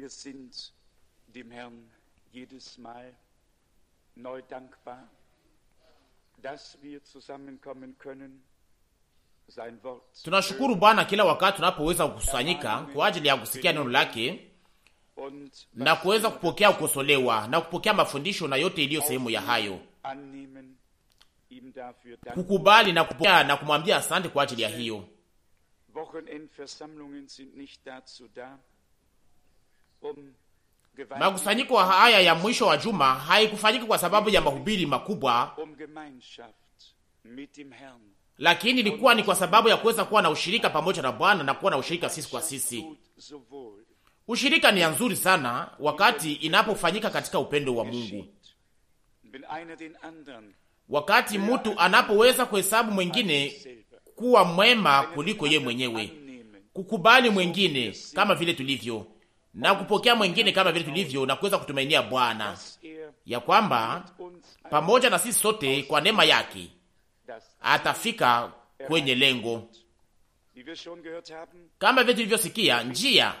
wir sind dem Herrn jedes Mal neu dankbar, dass wir zusammenkommen können. Tunashukuru Bwana kila wakati tunapoweza kukusanyika kwa ajili ya kusikia neno lake na kuweza kupokea kukosolewa na kupokea mafundisho na yote iliyo sehemu ya hayo, kukubali na kupokea na kumwambia asante kwa ajili ya hiyo. Makusanyiko haya ya mwisho wa juma haikufanyika kwa sababu ya mahubiri makubwa, lakini ilikuwa ni kwa sababu ya kuweza kuwa na ushirika pamoja na Bwana na kuwa na ushirika sisi kwa sisi. Ushirika ni ya nzuri sana wakati inapofanyika katika upendo wa Mungu, wakati mtu anapoweza kuhesabu mwengine kuwa mwema kuliko ye mwenyewe, kukubali mwengine kama vile tulivyo na kupokea mwengine kama vile tulivyo, na kuweza kutumainia Bwana ya kwamba pamoja na sisi sote kwa neema yake atafika kwenye lengo kama vile tulivyosikia. Njia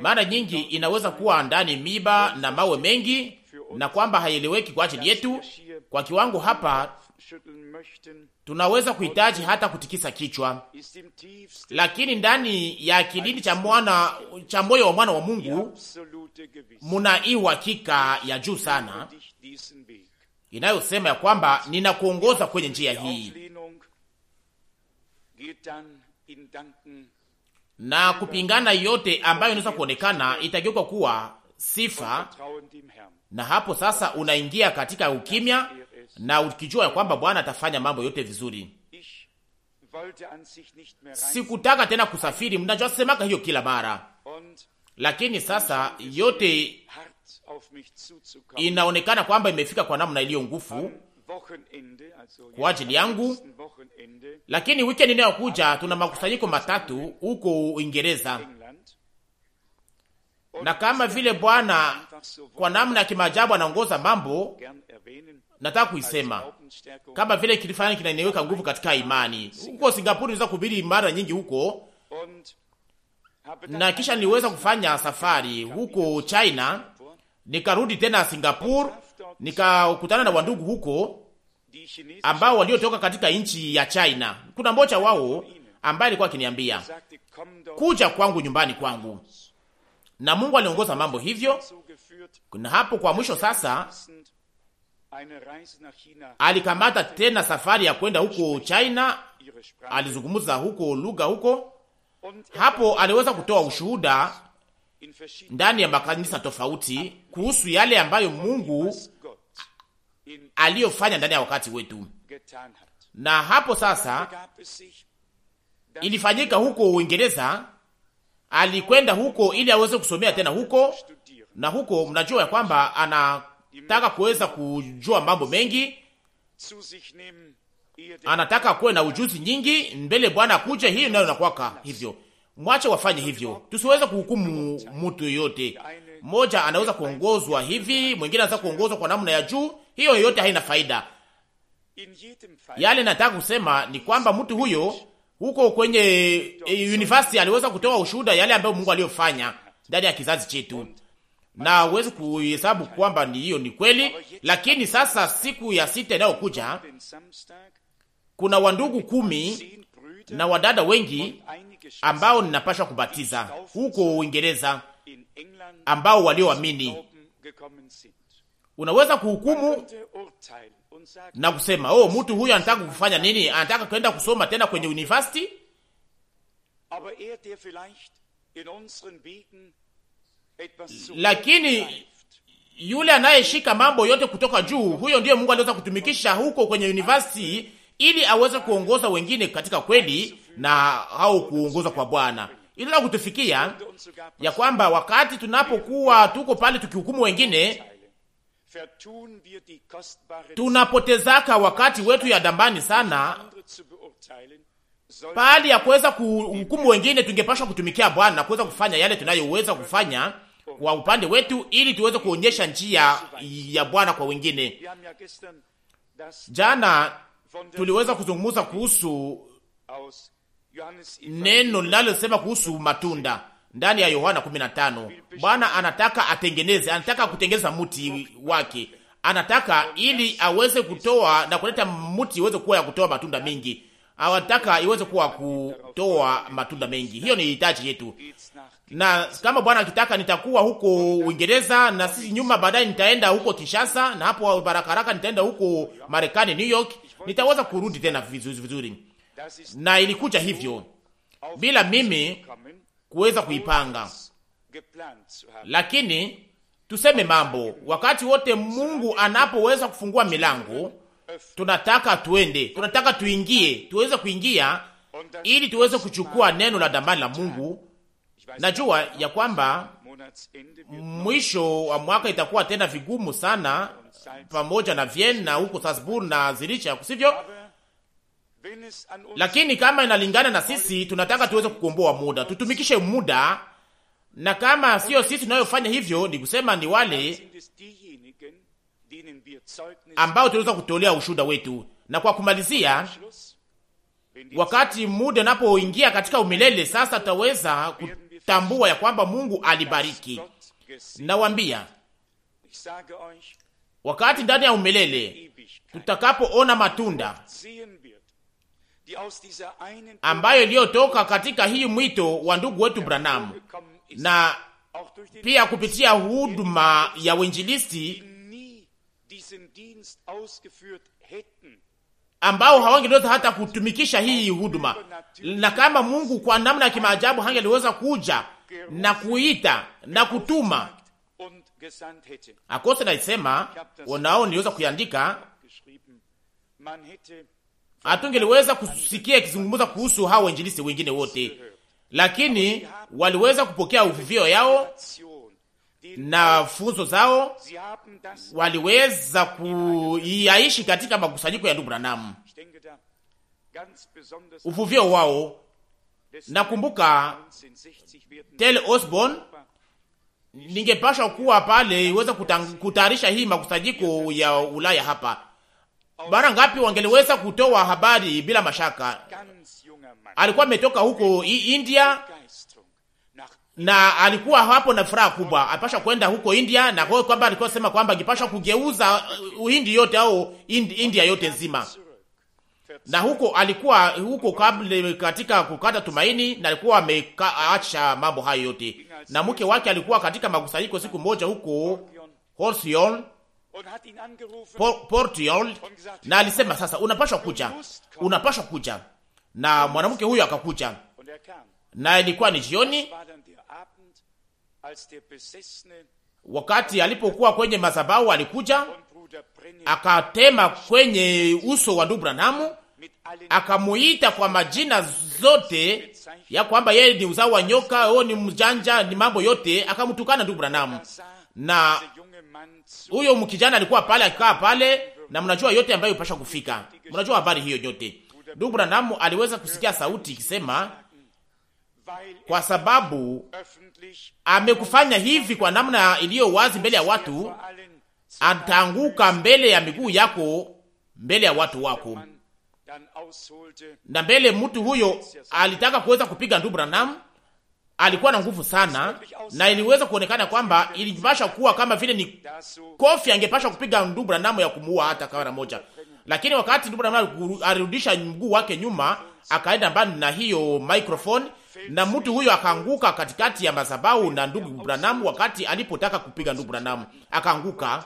mara nyingi inaweza kuwa ndani miba na mawe mengi, na kwamba haieleweki kwa ajili yetu. Kwa kiwango hapa tunaweza kuhitaji hata kutikisa kichwa, lakini ndani ya kilindi cha mwana cha moyo wa mwana wa Mungu muna ii uhakika ya juu sana inayosema ya kwamba ninakuongoza kwenye njia hii, na kupingana yote ambayo inaweza kuonekana itageuka kuwa sifa, na hapo sasa unaingia katika ukimya na ukijua ya kwamba Bwana atafanya mambo yote vizuri. Sikutaka tena kusafiri, mnajua semaka hiyo kila mara, lakini sasa yote inaonekana kwamba imefika kwa namna iliyo nguvu kwa ajili yangu. Lakini wikendi inayokuja tuna makusanyiko matatu huko Uingereza, na kama vile Bwana kwa namna ya kimaajabu anaongoza mambo, nataka kuisema kama vile kilifanya kinaniweka nguvu katika imani. Huko Singapore niweza kuhubiri mara nyingi huko, na kisha niweza kufanya safari huko China, nikarudi tena Singapore, nikakutana na wandugu huko ambao waliotoka katika nchi ya China. Kuna mmoja wao ambaye alikuwa akiniambia kuja kwangu nyumbani kwangu, na Mungu aliongoza mambo hivyo na hapo kwa mwisho sasa alikamata tena safari ya kwenda huko China, alizungumza huko lugha huko. Er hapo aliweza kutoa ushuhuda ndani ya makanisa tofauti kuhusu yale ambayo Mungu aliyofanya ndani ya wakati wetu. Na hapo sasa ilifanyika huko Uingereza, alikwenda huko ili aweze kusomea tena huko, na huko mnajua ya kwamba ana taka kuweza kujua mambo mengi, anataka kuwe na ujuzi nyingi mbele Bwana kuja. Hiyo nayo nakwaka hivyo, mwache wafanye hivyo, tusiweze kuhukumu mtu yoyote. Mmoja anaweza kuongozwa hivi, mwingine anaweza kuongozwa kwa namna ya juu. Hiyo yote haina faida. Yale nataka kusema ni kwamba mtu huyo huko kwenye e, university aliweza kutoa ushuhuda yale ambayo Mungu aliyofanya ndani ya kizazi chetu na uwezi kuhesabu kwamba ni hiyo ni kweli. Lakini sasa siku ya sita inayokuja kuna wandugu kumi na wadada wengi ambao ninapasha kubatiza huko Uingereza, ambao walioamini. Unaweza kuhukumu na kusema oh, mtu huyu anataka kufanya nini? Anataka kwenda kusoma tena kwenye university lakini yule anayeshika mambo yote kutoka juu, huyo ndiye Mungu aliweza kutumikisha huko kwenye university ili aweze kuongoza wengine katika kweli na au kuongoza kwa Bwana. la kutufikia ya kwamba wakati tunapokuwa tuko pale tukihukumu wengine, tunapotezaka wakati wetu ya dambani sana pahali ya kuweza kuhukumu wengine. Tungepashwa kutumikia Bwana kuweza kufanya yale tunayoweza kufanya kwa upande wetu, ili tuweze kuonyesha njia ya Bwana kwa wengine. Jana tuliweza kuzungumza kuhusu neno linalosema kuhusu matunda ndani ya Yohana 15. Bwana anataka atengeneze, anataka kutengeneza mti wake, anataka ili aweze kutoa na kuleta mti iweze kuwa ya kutoa matunda mengi, anataka iweze kuwa kutoa matunda mengi. Hiyo ni hitaji yetu, na kama Bwana akitaka nitakuwa huko Uingereza na sisi nyuma, baadaye nitaenda huko Kinshasa, na hapo barakaraka nitaenda huko Marekani, New York, nitaweza kurudi tena vizuri vizuri. Na ilikuja hivyo bila mimi kuweza kuipanga, lakini tuseme mambo, wakati wote Mungu anapoweza kufungua milango, tunataka tuende, tunataka tuingie, tuweze kuingia ili tuweze kuchukua neno la damani la Mungu Najua ya kwamba mwisho wa mwaka itakuwa tena vigumu sana pamoja na Vienna huko Salzburg na Ziricha, kusivyo? Lakini kama inalingana na sisi, tunataka tuweze kukomboa muda, tutumikishe muda, na kama sio sisi tunayofanya hivyo, ni kusema ni wale ambao tunaweza kutolea ushuda wetu. Na kwa kumalizia, wakati muda unapoingia katika umilele sasa, tutaweza tambua ya kwamba Mungu alibariki. Nawambia, wakati ndani ya umelele tutakapoona matunda ambayo iliyotoka katika hii mwito wa ndugu wetu Branham na pia kupitia huduma ya uinjilisti ambao hawangeliweza hata kutumikisha hii huduma, na kama Mungu kwa namna ya kimaajabu hangeliweza kuja na kuita na kutuma akose. Naisema wanao niliweza kuiandika, hatungeliweza kusikia ikizungumza kuhusu hao wainjilisi wengine wote, lakini waliweza kupokea uvuvio yao na funzo zao waliweza kuiaishi katika makusanyiko ya ndugu Branham, uvuvio wao. Nakumbuka Tel Osborne, ningepasha kuwa pale iweza kutayarisha hii makusanyiko ya Ulaya hapa. Mara ngapi wangeliweza kutoa habari bila mashaka. Alikuwa ametoka huko India na alikuwa hapo na furaha kubwa, alipasha kwenda huko India, na kwa kwamba alikuwa sema kwamba angepasha kugeuza uh, Uhindi yote au India yote nzima, na huko alikuwa huko kabla katika kukata tumaini, na alikuwa ameacha mambo hayo yote, na mke wake alikuwa katika makusanyiko siku moja huko Horsion Portion, na alisema sasa, unapashwa kuja, unapashwa kuja, na mwanamke huyo akakuja, na ilikuwa ni jioni Wakati alipokuwa kwenye madhabahu, alikuja akatema kwenye uso wa ndugu Branamu, akamuita kwa majina zote ya kwamba yeye ni uzao wa nyoka, o ni mjanja, ni mambo yote, akamtukana ndugu Branamu. Er na huyo mkijana alikuwa pale, akikaa pale, na mnajua yote ambayo ipasha kufika, mnajua habari hiyo yote. Ndugu Branamu aliweza kusikia sauti ikisema kwa sababu amekufanya hivi kwa namna iliyo wazi mbele ya watu, ataanguka mbele ya miguu yako, mbele ya watu wako. Na mbele mtu huyo alitaka kuweza kupiga ndugu Branham, alikuwa na nguvu sana, na iliweza kuonekana kwamba ilipasha kuwa kama vile ni kofi angepasha kupiga ndugu Branham ya kumuua hata mara moja, lakini wakati ndipo namna alirudisha mguu wake nyuma, akaenda mbali na hiyo microphone, na mtu huyo akaanguka katikati ya madhabahu na ndugu Branham, wakati alipotaka kupiga ndugu Branham akaanguka.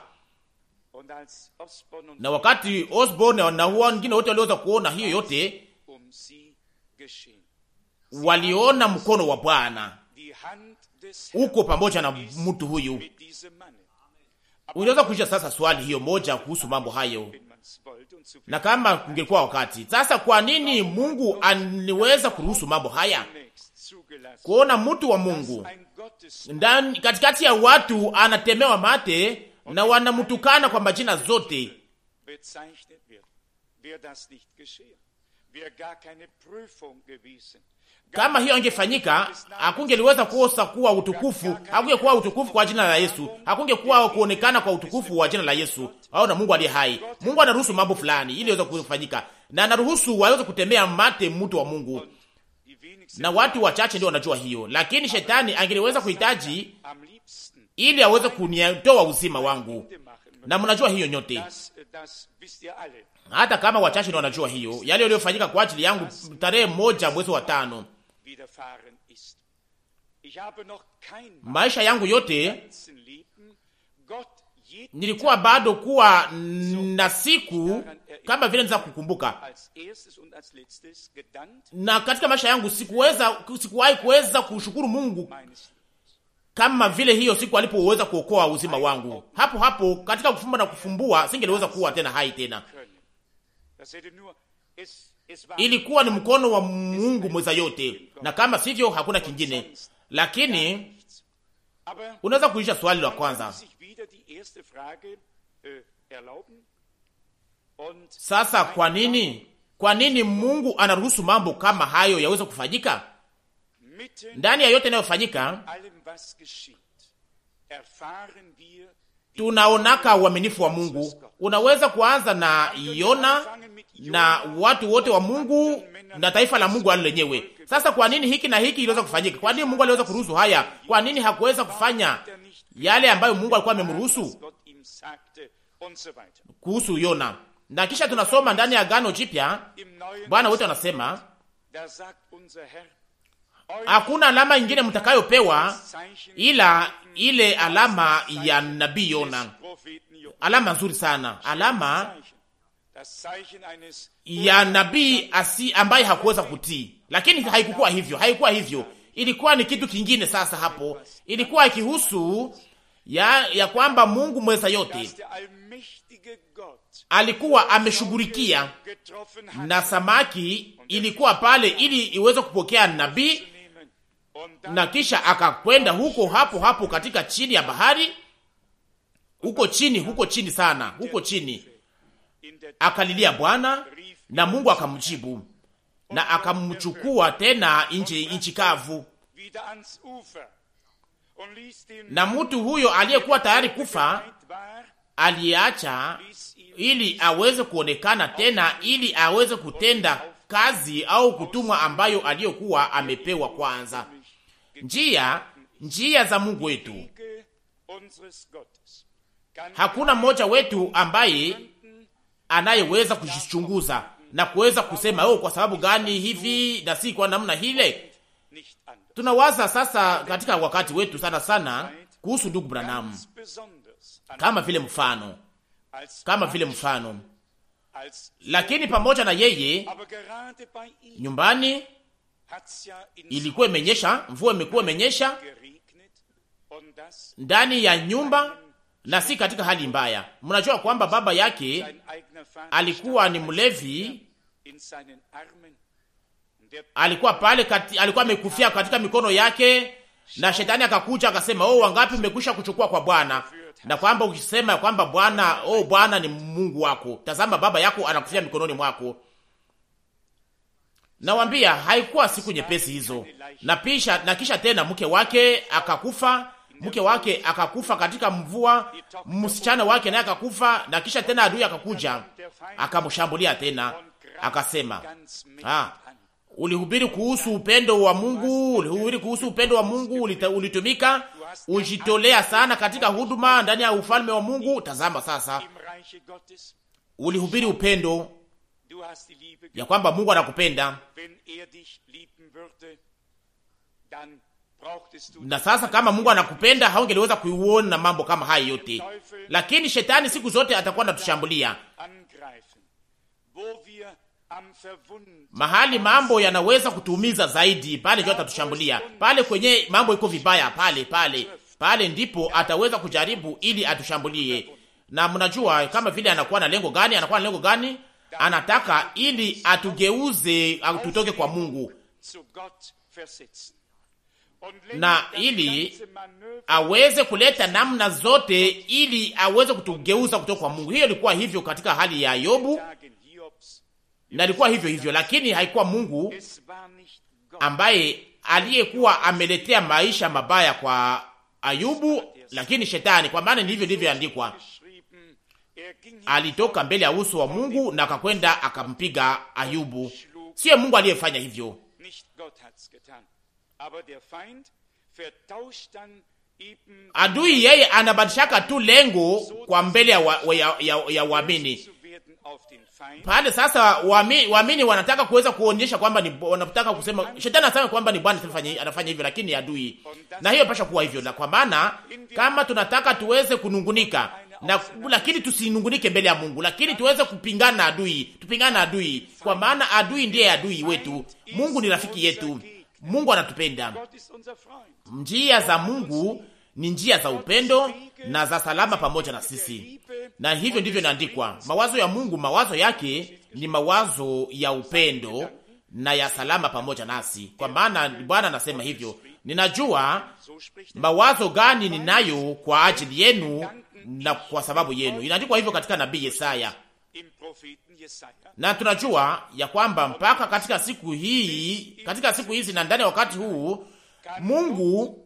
Na wakati Osborne na huo wengine wote waliweza kuona hiyo yote, waliona mkono wa Bwana uko pamoja na mtu huyu. Unaweza kuisha sasa swali hiyo moja kuhusu mambo hayo na kama kungekuwa wakati sasa. Kwa nini Mungu aniweza kuruhusu mambo haya? Kuona mtu wa Mungu ndani katikati ya watu anatemewa mate na wanamtukana kwa majina zote kama hiyo angefanyika, hakungeliweza kuosa kuwa utukufu, hakungekuwa utukufu kwa jina la Yesu, hakungekuwa kuonekana kwa utukufu wa jina la Yesu au na Mungu aliye hai. Mungu anaruhusu mambo fulani ili iweze kufanyika, na anaruhusu waweze kutembea mate mtu wa Mungu, na watu wachache ndio wanajua hiyo, lakini shetani angeliweza kuhitaji ili aweze kunitoa uzima wangu, na mnajua hiyo nyote hata kama wachache ndio wanajua hiyo, yale yaliyofanyika kwa ajili yangu tarehe moja mwezi wa tano maisha yangu yote nilikuwa bado kuwa na siku kama vile niza kukumbuka, na katika maisha yangu sikuweza, sikuwahi kuweza kushukuru Mungu kama vile hiyo siku alipoweza kuokoa uzima wangu. Hapo hapo katika kufumba na kufumbua, singeliweza kuwa tena hai tena ilikuwa ni mkono wa Mungu mweza yote, na kama sivyo hakuna kingine. Lakini unaweza kuisha swali la kwanza sasa, kwa nini kwa nini Mungu anaruhusu mambo kama hayo yaweze kufanyika? Ndani ya yote inayofanyika tunaonaka uaminifu wa Mungu. Unaweza kuanza na Yona na watu wote wa Mungu na taifa la Mungu lenyewe. Sasa kwa nini hiki na hiki iliweza kufanyika? Kwa nini Mungu aliweza kuruhusu haya? Kwa nini hakuweza kufanya yale ambayo Mungu alikuwa amemruhusu kuhusu Yona? Na kisha tunasoma ndani ya Agano Jipya, Bwana wote anasema Hakuna alama nyingine mtakayopewa ila ile alama ya nabii Yona, alama nzuri sana, alama ya nabii asi ambaye hakuweza kutii. Lakini haikukuwa hivyo, haikuwa hivyo, ilikuwa ni kitu kingine. Sasa hapo ilikuwa ikihusu ya, ya kwamba Mungu mweza yote alikuwa ameshughulikia na samaki ilikuwa pale ili iweze kupokea nabii na kisha akakwenda huko hapo hapo katika chini ya bahari, huko chini, huko chini sana, huko chini akalilia Bwana na Mungu akamjibu na akamchukua tena nchi nchi kavu. Na mtu huyo aliyekuwa tayari kufa aliacha ili aweze kuonekana tena, ili aweze kutenda kazi au kutumwa ambayo aliyokuwa amepewa kwanza njia njia za Mungu wetu. Hakuna mmoja wetu ambaye anayeweza kujichunguza na kuweza kusema oh, kwa sababu gani hivi na si kwa namna hile. Tunawaza sasa katika wakati wetu sana sana kuhusu ndugu Branham kama vile mfano, kama vile mfano, lakini pamoja na yeye nyumbani ilikuwa imenyesha, mvua imekuwa imenyesha ndani ya nyumba na si katika hali mbaya. Mnajua kwamba baba yake alikuwa ni mlevi, alikuwa pale kati, alikuwa amekufia katika mikono yake, na shetani akakuja akasema, oh, wangapi umekwisha kuchukua kwa Bwana, na kwamba ukisema kwamba Bwana, oh, Bwana ni Mungu wako, tazama baba yako anakufia mikononi mwako. Nawambia haikuwa siku nyepesi hizo. Na pisha, na kisha tena mke wake akakufa, mke wake akakufa katika mvua, msichana wake naye akakufa, na kisha tena adui akakuja akamshambulia tena, akasema ah, ulihubiri kuhusu upendo wa Mungu, ulihubiri kuhusu upendo wa Mungu, ulitumika, ujitolea sana katika huduma ndani ya ufalme wa Mungu. Tazama sasa, ulihubiri upendo ya kwamba Mungu anakupenda er na sasa kama Mungu anakupenda haungeliweza kuiona mambo kama haya yote, lakini shetani siku zote atakuwa anatushambulia mahali mambo yanaweza kutuumiza zaidi, pale ndio atatushambulia pale kwenye mambo iko vibaya, pale pale pale ndipo ataweza kujaribu ili atushambulie. Na mnajua kama vile anakuwa na lengo gani, anakuwa na lengo gani anataka ili atugeuze tutoke kwa Mungu na ili aweze kuleta namna zote ili aweze kutugeuza kutoka kwa Mungu. Hiyo ilikuwa hivyo katika hali ya Yobu, na ilikuwa hivyo hivyo, lakini haikuwa Mungu ambaye aliyekuwa ameletea maisha mabaya kwa Ayubu, lakini shetani, kwa maana ni hivyo ndivyoandikwa alitoka mbele ya uso wa Mungu na akakwenda akampiga Ayubu. Siyo Mungu aliyefanya hivyo, adui yeye anabadishaka tu lengo kwa mbele ya wa, ya, ya, ya pale sasa waamini wanataka kuweza kuonyesha kwamba ni wanataka kusema, shetani anasema kwamba ni Bwana anafanya hivyo, lakini adui, na hiyo pasha kuwa hivyo, na kwa maana kama tunataka tuweze kunungunika na lakini tusinungunike mbele ya Mungu, lakini tuweze kupingana adui, tupingana na adui, kwa maana adui ndiye adui wetu. Mungu ni rafiki yetu, Mungu anatupenda. Njia za Mungu ni njia za upendo na za salama pamoja na sisi, na hivyo ndivyo inaandikwa. Mawazo ya Mungu, mawazo yake ni mawazo ya upendo na ya salama pamoja nasi, kwa maana Bwana anasema hivyo, ninajua mawazo gani ninayo kwa ajili yenu na kwa sababu yenu. Inaandikwa hivyo katika nabii Yesaya, na tunajua ya kwamba mpaka katika siku hii, katika siku hizi na ndani ya wakati huu Mungu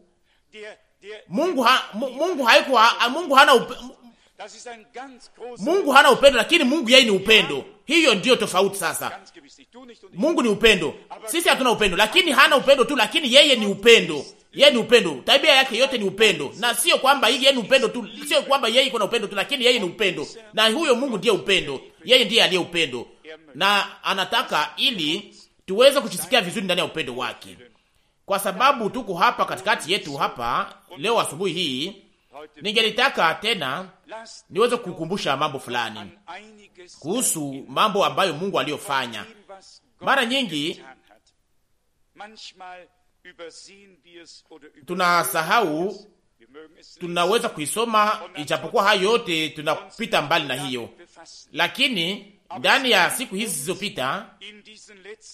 Mungu ha, Mungu haiko Mungu hana Mungu hana upendo, lakini Mungu yeye ni upendo. Hiyo ndiyo tofauti sasa. Mungu ni upendo, sisi hatuna upendo, lakini hana upendo tu, lakini yeye ni upendo. Yeye ni upendo, tabia yake yote ni upendo, na sio kwamba yeye ni upendo tu, sio kwamba yeye iko na upendo tu, lakini yeye ni upendo, na huyo Mungu ndiye upendo. Yeye ndiye aliye upendo, na anataka ili tuweze kuchisikia vizuri ndani ya upendo wake, kwa sababu tuko hapa katikati yetu hapa leo asubuhi hii Ningelitaka tena niweze kukumbusha mambo fulani kuhusu mambo ambayo Mungu aliyofanya. Mara nyingi tunasahau, tunaweza kuisoma, ijapokuwa hayo yote tunapita mbali na hiyo, lakini ndani ya siku hizi zilizopita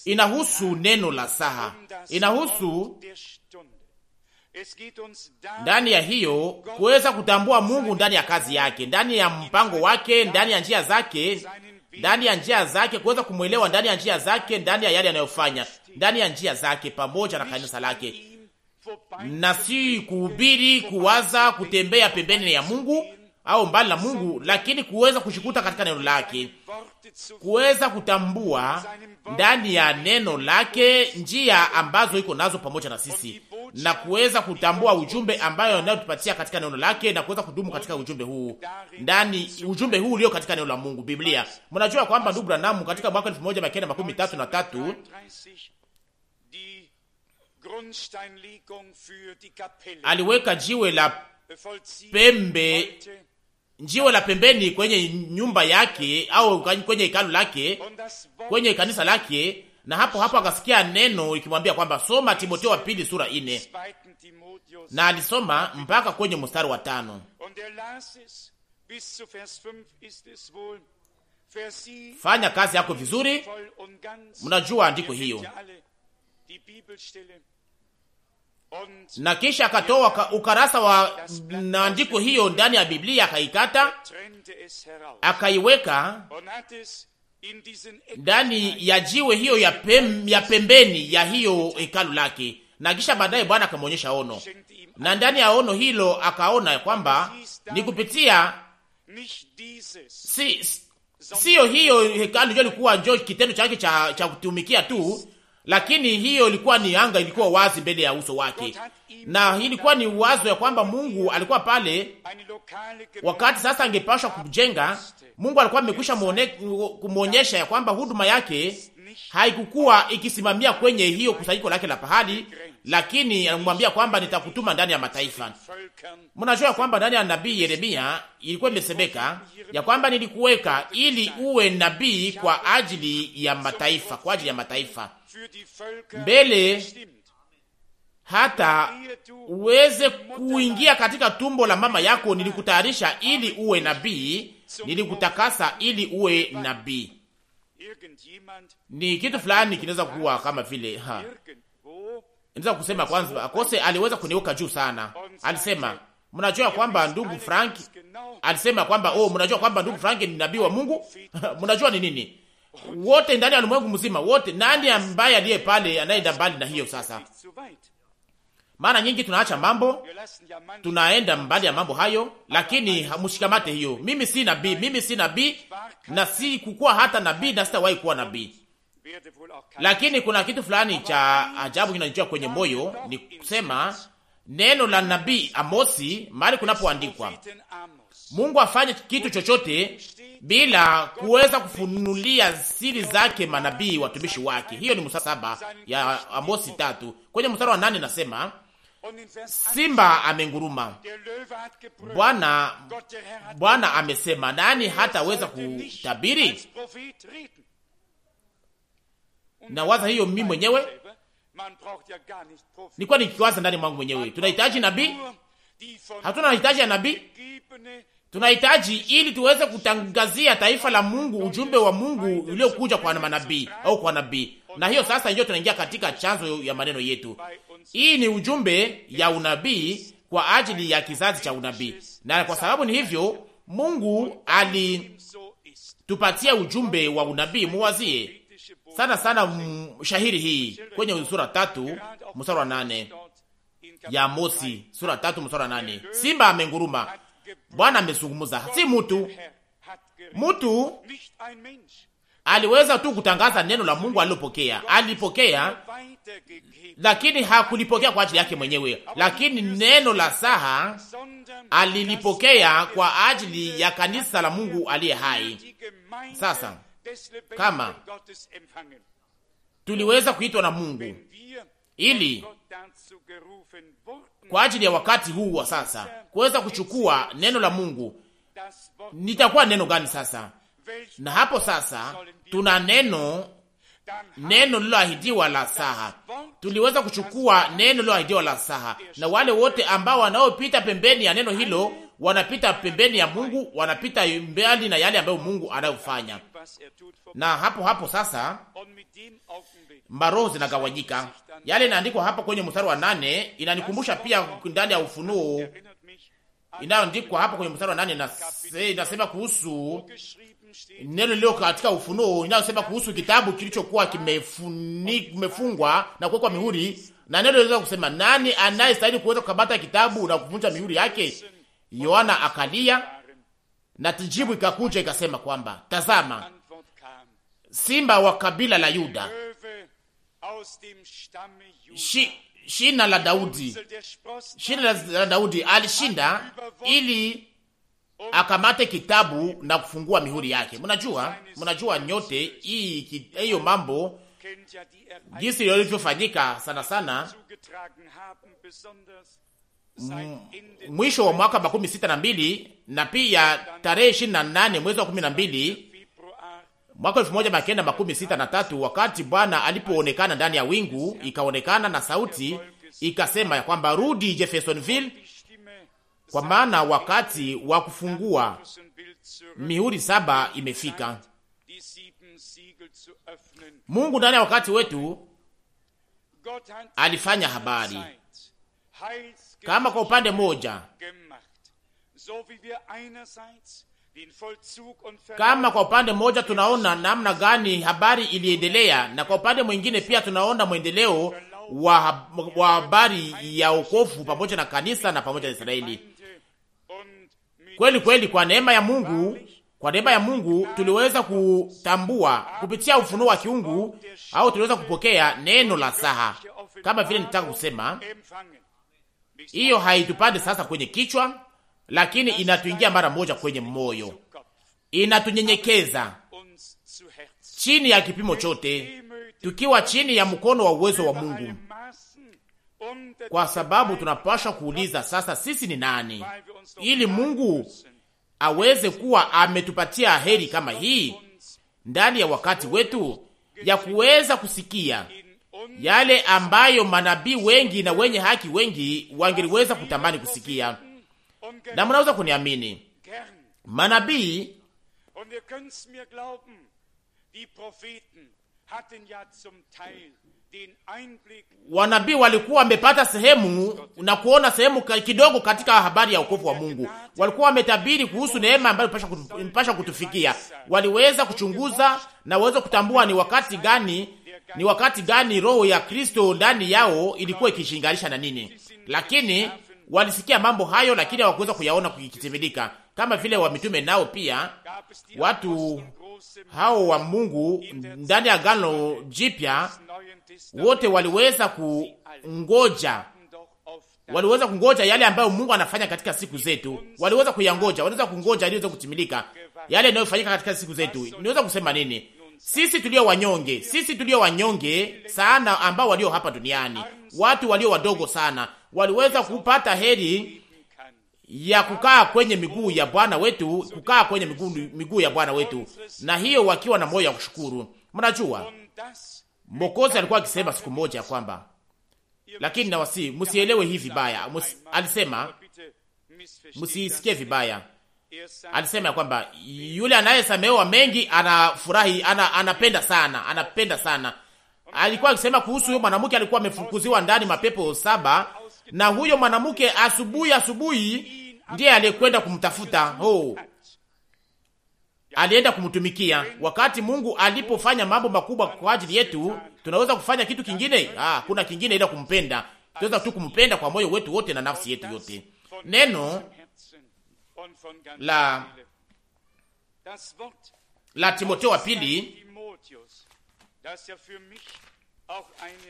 inahusu neno la saha, inahusu ndani ya hiyo kuweza kutambua Mungu ndani ya kazi yake, ndani ya mpango wake, ndani ya njia zake, ndani ya njia zake, kuweza kumwelewa ndani ya njia zake, ndani ya yale anayofanya ndani ya njia zake, pamoja na kanisa lake, na si kuhubiri, kuwaza, kutembea pembeni ya Mungu, au mbali na Mungu, lakini kuweza kushikuta katika neno lake, kuweza kutambua ndani ya neno lake njia ambazo iko nazo pamoja na sisi, na kuweza kutambua ujumbe ambayo anayotupatia katika neno lake, na kuweza kudumu katika ujumbe huu, ndani ujumbe huu ulio katika neno la Mungu, Biblia. Mnajua kwamba ndugu Branham katika mwaka 1933 aliweka jiwe la pembe njiwe la pembeni kwenye nyumba yake au kwenye hekalu lake, kwenye kanisa lake, na hapo hapo akasikia neno ikimwambia kwamba soma Timotheo wa pili sura ine, na alisoma mpaka kwenye mstari wa tano. Fanya kazi yako vizuri, mnajua andiko hiyo na kisha akatoa ukarasa wa maandiko hiyo ndani ya Biblia, akaikata akaiweka ndani ya jiwe hiyo ya, pem, ya pembeni ya hiyo hekalu lake, na kisha baadaye Bwana akamwonyesha ono, na ndani ya ono hilo akaona kwamba ni kupitia si, siyo hiyo hekalu njo likuwa njo kitendo chake cha, cha kutumikia tu lakini hiyo ilikuwa ni anga, ilikuwa wazi mbele ya uso wake, na ilikuwa ni wazo ya kwamba Mungu alikuwa pale wakati sasa angepashwa kujenga. Mungu alikuwa amekwisha kumwonyesha ya kwamba huduma yake haikukuwa ikisimamia kwenye hiyo kusanyiko lake la pahali, lakini anamwambia kwamba nitakutuma ndani ya mataifa. Mnajua kwamba ndani ya nabii Yeremia ilikuwa imesemeka ya kwamba nilikuweka ili uwe nabii kwa ajili ya mataifa, kwa ajili ya mataifa mbele hata uweze kuingia katika tumbo la mama yako. Nilikutayarisha ili uwe nabii, nilikutakasa ili uwe nabii. Ni kitu fulani kinaweza kuwa kama vile ha, inaweza kusema kwanza, akose aliweza kuniuka juu sana. Alisema mnajua kwamba ndugu Frank alisema kwamba oh, mnajua kwamba ndugu Frank ni nabii wa Mungu mnajua ni nini wote ndani ya ulimwengu mzima wote. Nani ambaye aliye pale anayeenda mbali na hiyo? Sasa mara nyingi tunaacha mambo, tunaenda mbali ya mambo hayo, lakini mshikamate hiyo. Mimi si nabii, mimi si nabii na si kukuwa hata nabii na sitawahi kuwa nabii, lakini kuna kitu fulani cha ajabu kinachojua kwenye moyo, ni kusema neno la nabii Amosi mahali kunapoandikwa Mungu afanye kitu chochote bila kuweza kufunulia siri zake manabii watumishi wake. Hiyo ni mstari saba ya Amosi tatu. Kwenye mstari wa nane nasema simba amenguruma, Bwana Bwana amesema, nani hataweza kutabiri? Na waza hiyo mimi mwenyewe nilikuwa nikiwaza ndani mwangu mwenyewe, tunahitaji nabii? Hatuna hitaji ya nabii tunahitaji ili tuweze kutangazia taifa la Mungu ujumbe wa Mungu uliokuja kwa manabii au kwa nabii. Na hiyo sasa ndio tunaingia katika chanzo ya maneno yetu. Hii ni ujumbe ya unabii kwa ajili ya kizazi cha unabii, na kwa sababu ni hivyo, Mungu alitupatia ujumbe wa unabii. Muwazie sana sana shahiri hii kwenye sura tatu mstari wa nane ya Mosi, sura tatu mstari wa nane simba amenguruma Bwana amezungumza, si mutu. Mutu aliweza tu kutangaza neno la Mungu alilopokea, alipokea, lakini hakulipokea kwa ajili yake mwenyewe, lakini neno la saha alilipokea kwa ajili ya kanisa la Mungu aliye hai. Sasa kama tuliweza kuitwa na Mungu ili kwa ajili ya wakati huu wa sasa kuweza kuchukua neno la Mungu. Nitakuwa neno gani sasa? Na hapo sasa tuna neno neno liloahidiwa la saha, tuliweza kuchukua neno liloahidiwa la saha, na wale wote ambao wanaopita pembeni ya neno hilo wanapita pembeni ya Mungu, wanapita mbali na yale ambayo Mungu anayofanya, na hapo hapo sasa maroho zinagawanyika. Yale inaandikwa hapa kwenye mstari wa nane inanikumbusha pia ndani ya Ufunuo inayoandikwa hapa kwenye mstari wa nane inase, inasema kuhusu neno lililo katika Ufunuo inayosema kuhusu kitabu kilichokuwa kimefungwa na kuwekwa mihuri, na neno linaweza kusema, nani anayestahili kuweza kukamata kitabu na kuvunja mihuri yake? Yohana akalia na tijibu ikakuja ikasema kwamba tazama, simba wa kabila la Yuda, shi, shina la Daudi, shina la Daudi alishinda ili akamate kitabu na kufungua mihuri yake. Mnajua, mnajua nyote hii hiyo mambo jinsi ilivyofanyika sana sana Mm, mwisho wa mwaka makumi sita na mbili na pia tarehe ishirini na nane mwezi wa kumi na mbili mwaka elfu moja makenda makumi sita na tatu wakati Bwana alipoonekana ndani ya wingu, ikaonekana na sauti ikasema ya kwamba rudi Jeffersonville, kwa maana wakati wa kufungua mihuri saba imefika. Mungu ndani ya wakati wetu alifanya habari kama kwa upande mmoja kama kwa upande mmoja tunaona namna gani habari iliendelea, na kwa upande mwingine pia tunaona mwendeleo wa, wa habari ya wokovu pamoja na kanisa na pamoja na Israeli. Kweli kweli, kwa neema ya Mungu, kwa neema ya Mungu tuliweza kutambua kupitia ufunuo wa kiungu, au tuliweza kupokea neno la saha, kama vile nitaka kusema hiyo haitupande sasa kwenye kichwa, lakini inatuingia mara moja kwenye moyo, inatunyenyekeza chini ya kipimo chote, tukiwa chini ya mkono wa uwezo wa Mungu, kwa sababu tunapashwa kuuliza sasa, sisi ni nani, ili Mungu aweze kuwa ametupatia heri kama hii ndani ya wakati wetu ya kuweza kusikia yale ambayo manabii wengi na wenye haki wengi wangeliweza kutamani kusikia, na mnaweza kuniamini, manabii wanabii walikuwa wamepata sehemu na kuona sehemu kidogo katika habari ya ukovu wa Mungu. Walikuwa wametabiri kuhusu neema ambayo mpasha kutufikia, waliweza kuchunguza na waweza kutambua ni wakati gani ni wakati gani roho ya Kristo ndani yao ilikuwa ikishingalisha na nini, lakini walisikia mambo hayo, lakini hawakuweza kuyaona kukitimilika. Kama vile wa mitume nao pia watu hao wa Mungu ndani ya Agano Jipya wote waliweza kungoja, waliweza kungoja yale ambayo Mungu anafanya katika siku zetu, waliweza kuyangoja, waliweza kungoja ili kutimilika yale yanayofanyika katika siku zetu. Niweza kusema nini? Sisi tulio wanyonge, sisi tulio wanyonge sana, ambao walio hapa duniani, watu walio wadogo sana, waliweza kupata heri ya kukaa kwenye miguu ya Bwana wetu, kukaa kwenye miguu miguu ya Bwana wetu, na hiyo wakiwa na moyo wa kushukuru. Mnajua Mokozi alikuwa akisema siku moja kwamba, lakini nawasi msielewe hii vibaya, mus, alisema msisikie vibaya alisema ya kwamba yule anayesamehewa mengi anafurahi, ana, anapenda sana, anapenda sana. Alikuwa akisema kuhusu huyo mwanamke alikuwa amefukuziwa ndani mapepo saba, na huyo mwanamke asubuhi asubuhi ndiye aliyekwenda kumtafuta ho oh, alienda kumtumikia. Wakati Mungu alipofanya mambo makubwa kwa ajili yetu, tunaweza kufanya kitu kingine? Ah, kuna kingine ila kumpenda. Tunaweza tu kumpenda kwa moyo wetu wote na nafsi yetu yote. Neno la, la Timoteo wa pili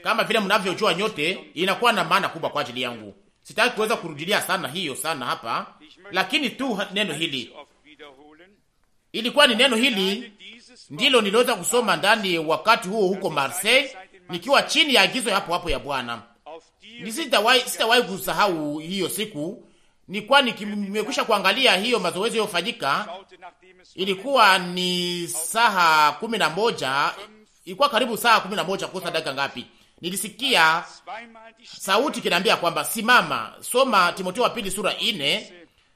kama vile mnavyojua nyote, inakuwa na maana kubwa kwa ajili yangu. Sitaki kuweza kurudilia sana hiyo sana hapa, lakini tu neno hili ilikuwa ni neno hili ndilo niliweza kusoma ndani wakati huo huko Marseille, nikiwa chini ya agizo hapo hapo ya Bwana. Sitawahi sitawahi kusahau hiyo siku nilikuwa nimekwisha kuangalia hiyo mazoezi yaliyofanyika, ilikuwa ni saha kumi na moja, ilikuwa karibu saha kumi na moja kosa dakika ngapi, nilisikia sauti kinaambia kwamba simama, soma Timotheo wa pili sura ine.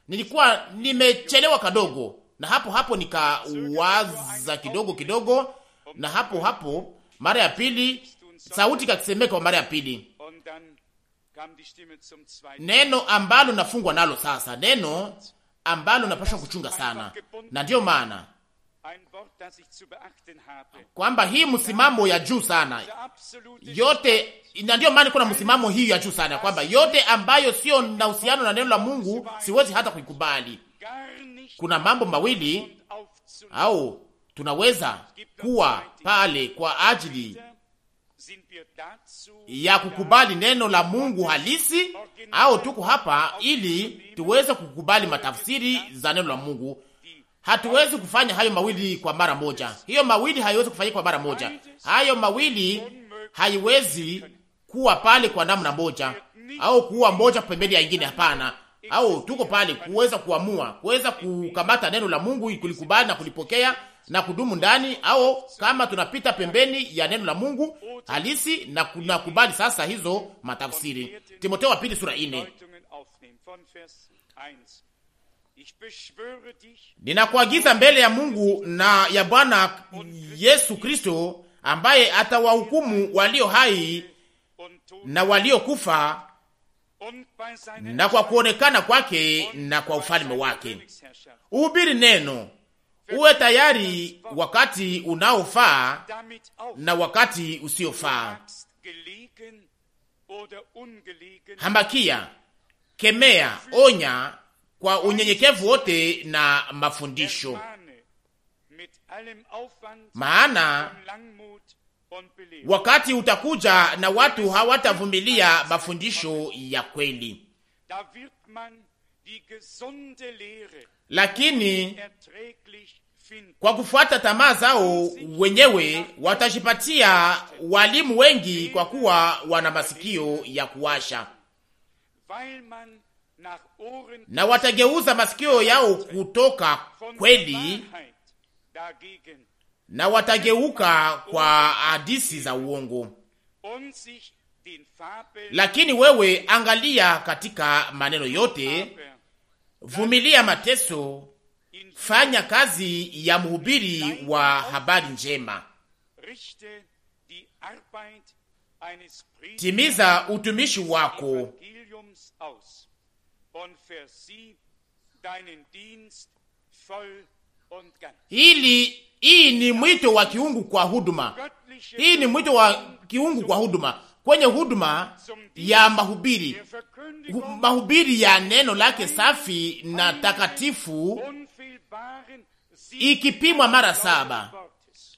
Nilikuwa nimechelewa kadogo, na hapo hapo nikawaza kidogo kidogo, na hapo hapo mara ya pili sauti kakisemeka kwa mara ya pili neno ambalo nafungwa nalo sasa, neno ambalo napashwa kuchunga sana, na ndiyo maana kwamba hii msimamo ya juu sana yote, na ndiyo maana kuna msimamo hii ya juu sana kwamba yote ambayo sio na uhusiano na neno la Mungu siwezi hata kuikubali. Kuna mambo mawili au tunaweza kuwa pale kwa ajili ya kukubali neno la Mungu halisi, au tuko hapa ili tuweze kukubali matafsiri za neno la Mungu? Hatuwezi kufanya hayo mawili kwa mara moja. Hiyo mawili haiwezi kufanyika kwa mara moja. Hayo mawili haiwezi kuwa pale kwa namna moja au kuwa moja pembeni ya ingine. Hapana, au tuko pale kuweza kuamua, kuweza kukamata neno la Mungu, kulikubali na kulipokea na kudumu ndani, au kama tunapita pembeni ya neno la Mungu halisi na kunakubali sasa hizo matafsiri. Timoteo wa pili sura ine. Ninakuagiza mbele ya Mungu na ya Bwana Yesu Kristo, ambaye atawahukumu walio hai na waliokufa na kwa kuonekana kwake na kwa ufalme wake. Uhubiri neno uwe tayari wakati unaofaa na wakati usiofaa. Hambakia, kemea, onya kwa unyenyekevu wote na mafundisho, maana wakati utakuja na watu hawatavumilia mafundisho ya kweli, lakini kwa kufuata tamaa zao wenyewe watajipatia walimu wengi, kwa kuwa wana masikio ya kuwasha na watageuza masikio yao kutoka kweli na watageuka kwa hadisi za uongo. Lakini wewe angalia katika maneno yote, vumilia mateso fanya kazi ya mhubiri wa habari njema, timiza utumishi wako hili hii ni mwito wa kiungu kwa huduma. Hii ni mwito wa kiungu kwa huduma, kwenye huduma ya mahubiri, mahubiri ya neno lake safi na takatifu ikipimwa mara saba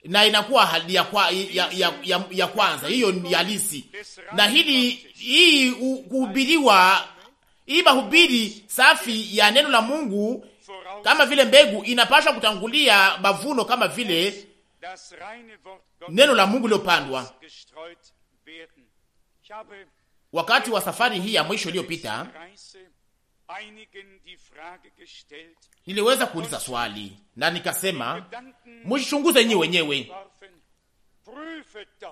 na inakuwa hali ya, kwa, ya, ya, ya, ya kwanza. Hiyo ni halisi, na hili hii kuhubiriwa hii mahubiri safi ya neno la Mungu kama vile mbegu inapaswa kutangulia mavuno, kama vile neno la Mungu liopandwa Wakati wa safari hii ya mwisho iliyopita, niliweza kuuliza swali na nikasema, mshichunguze nyi wenyewe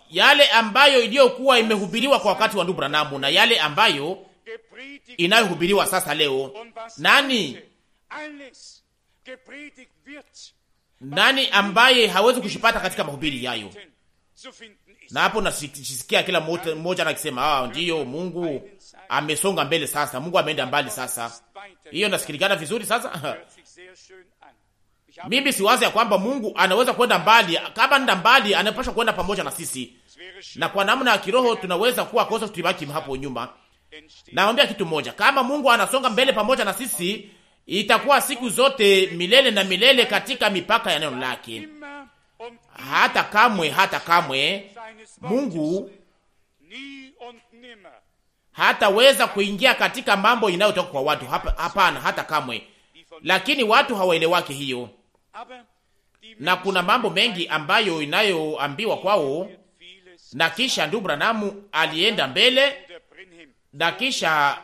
yale ambayo iliyokuwa imehubiriwa kwa wakati wa ndugu Branamu na yale ambayo inayohubiriwa sasa leo, nani nani ambaye hawezi kushipata katika mahubiri yayo? Na hapo nasisikia kila mmoja anakisema, ah, ndiyo Mungu amesonga mbele sasa, Mungu ameenda mbali sasa hiyo nasikilikana vizuri sasa? Mimi siwazi ya kwamba Mungu anaweza kwenda mbali. Kama nda mbali, anapaswa kwenda pamoja na sisi, na kwa namna ya kiroho tunaweza kuwa kosa, tutibaki hapo nyuma. Naambia kitu moja, kama Mungu anasonga mbele pamoja na sisi, itakuwa siku zote milele na milele katika mipaka ya neno lake. Hata kamwe, hata kamwe Mungu hataweza kuingia katika mambo inayotoka kwa watu. Hapana, hata kamwe. Lakini watu hawaelewaki hiyo, na kuna mambo mengi ambayo inayoambiwa kwao, na kisha ndugu Branamu alienda mbele na kisha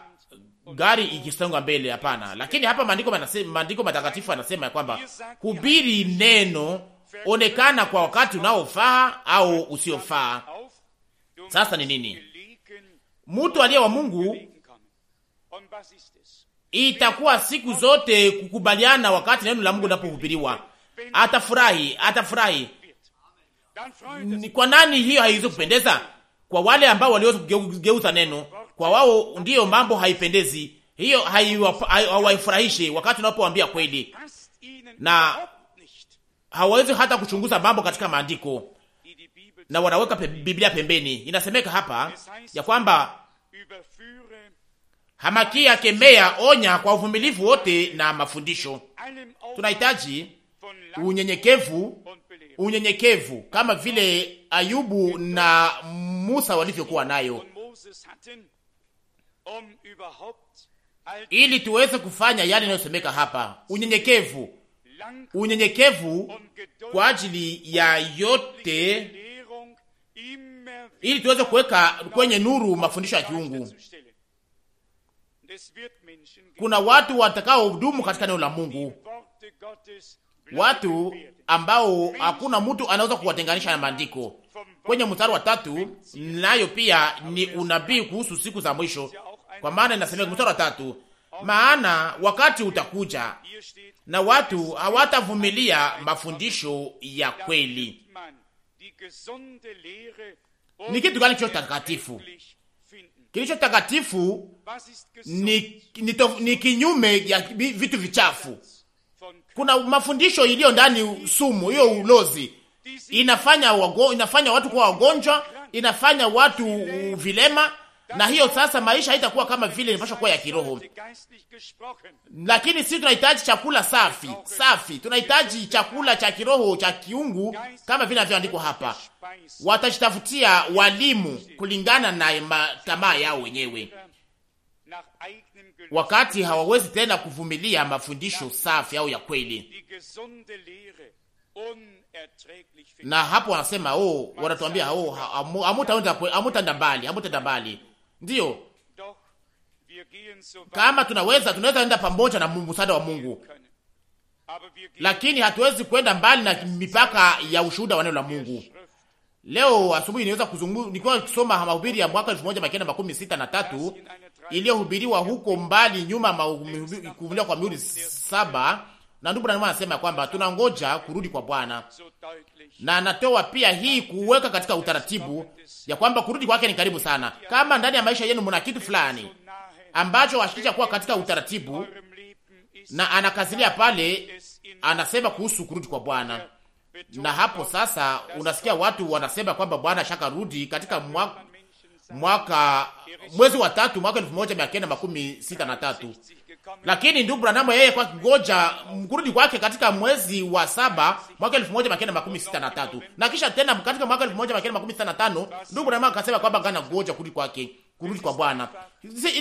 gari ikisonga mbele. Hapana, lakini hapa maandiko maandiko matakatifu anasema ya kwamba hubiri neno, onekana kwa wakati unaofaa au usiofaa. Sasa ni nini? mtu aliye wa Mungu itakuwa siku zote kukubaliana wakati neno la Mungu linapohubiriwa, atafurahi, atafurahi. Ni kwa nani hiyo haiwezi kupendeza? Kwa wale ambao waliweza kugeuza neno, kwa wao ndiyo mambo haipendezi, hiyo hawaifurahishi wakati unapowambia kweli, na hawawezi hata kuchunguza mambo katika maandiko na wanaweka Biblia pembeni. Inasemeka hapa ya kwamba Hamakia kemea, onya kwa uvumilivu wote na mafundisho. Tunahitaji unyenyekevu, unyenyekevu kama vile Ayubu na Musa walivyokuwa nayo, ili tuweze kufanya yale yanayosemeka hapa, unyenyekevu, unyenyekevu kwa ajili ya yote ili tuweze kuweka kwenye nuru mafundisho ya kiungu. Kuna watu watakao hudumu katika neno la Mungu, watu ambao hakuna mtu anaweza kuwatenganisha na maandiko. Kwenye mstari wa tatu, nayo pia ni unabii kuhusu siku za mwisho, kwa maana inasemeka mstari wa tatu, maana wakati utakuja na watu hawatavumilia mafundisho ya kweli ni kitu gani kilicho takatifu? Kilicho takatifu ni, ni, to, ni kinyume ya vitu vichafu. Kuna mafundisho iliyo ndani sumu, hiyo ulozi inafanya wago, inafanya watu kuwa wagonjwa, inafanya watu vilema na hiyo sasa maisha haitakuwa kama vile inapasha kuwa ya kiroho, lakini si tunahitaji chakula safi safi, tunahitaji chakula cha kiroho cha kiungu, kama vile inavyoandikwa hapa, watajitafutia walimu kulingana na tamaa yao wenyewe, wakati hawawezi tena kuvumilia mafundisho safi au ya kweli. Na hapo wanasema oh, wanatuambia oh, amutaenda mbali, amutanda mbali Ndiyo, kama tunaweza tunaweza enda pamoja na msaada wa Mungu, lakini hatuwezi kwenda mbali na mipaka ya ushuhuda wa neno la Mungu. Leo asubuhi niweza kuzungumza, nikiwa kusoma mahubiri ya mwaka 1963 iliyohubiriwa huko mbali nyuma, kuvuliwa kwa miuri saba na ndugu Branham anasema kwamba tunangoja kurudi kwa Bwana, na anatoa pia hii kuweka katika utaratibu ya kwamba kurudi kwake ni karibu sana. Kama ndani ya maisha yenu mna kitu fulani ambacho washikisha kuwa katika utaratibu, na anakazilia pale, anasema kuhusu kurudi kwa Bwana, na hapo sasa unasikia watu wanasema kwamba Bwana shaka rudi katika mwaka mwaka mwezi wa tatu mwaka elfu moja mia kenda makumi sita na tatu lakini ndugu Branham yeye kwa kingoja kurudi kwake katika mwezi wa saba mwaka elfu moja makumi sita na tatu na kisha tena katika mwaka elfu moja makumi sita na tano ndugu Branham akasema kwamba ngana ngoja kurudi kwake kurudi kwa Bwana.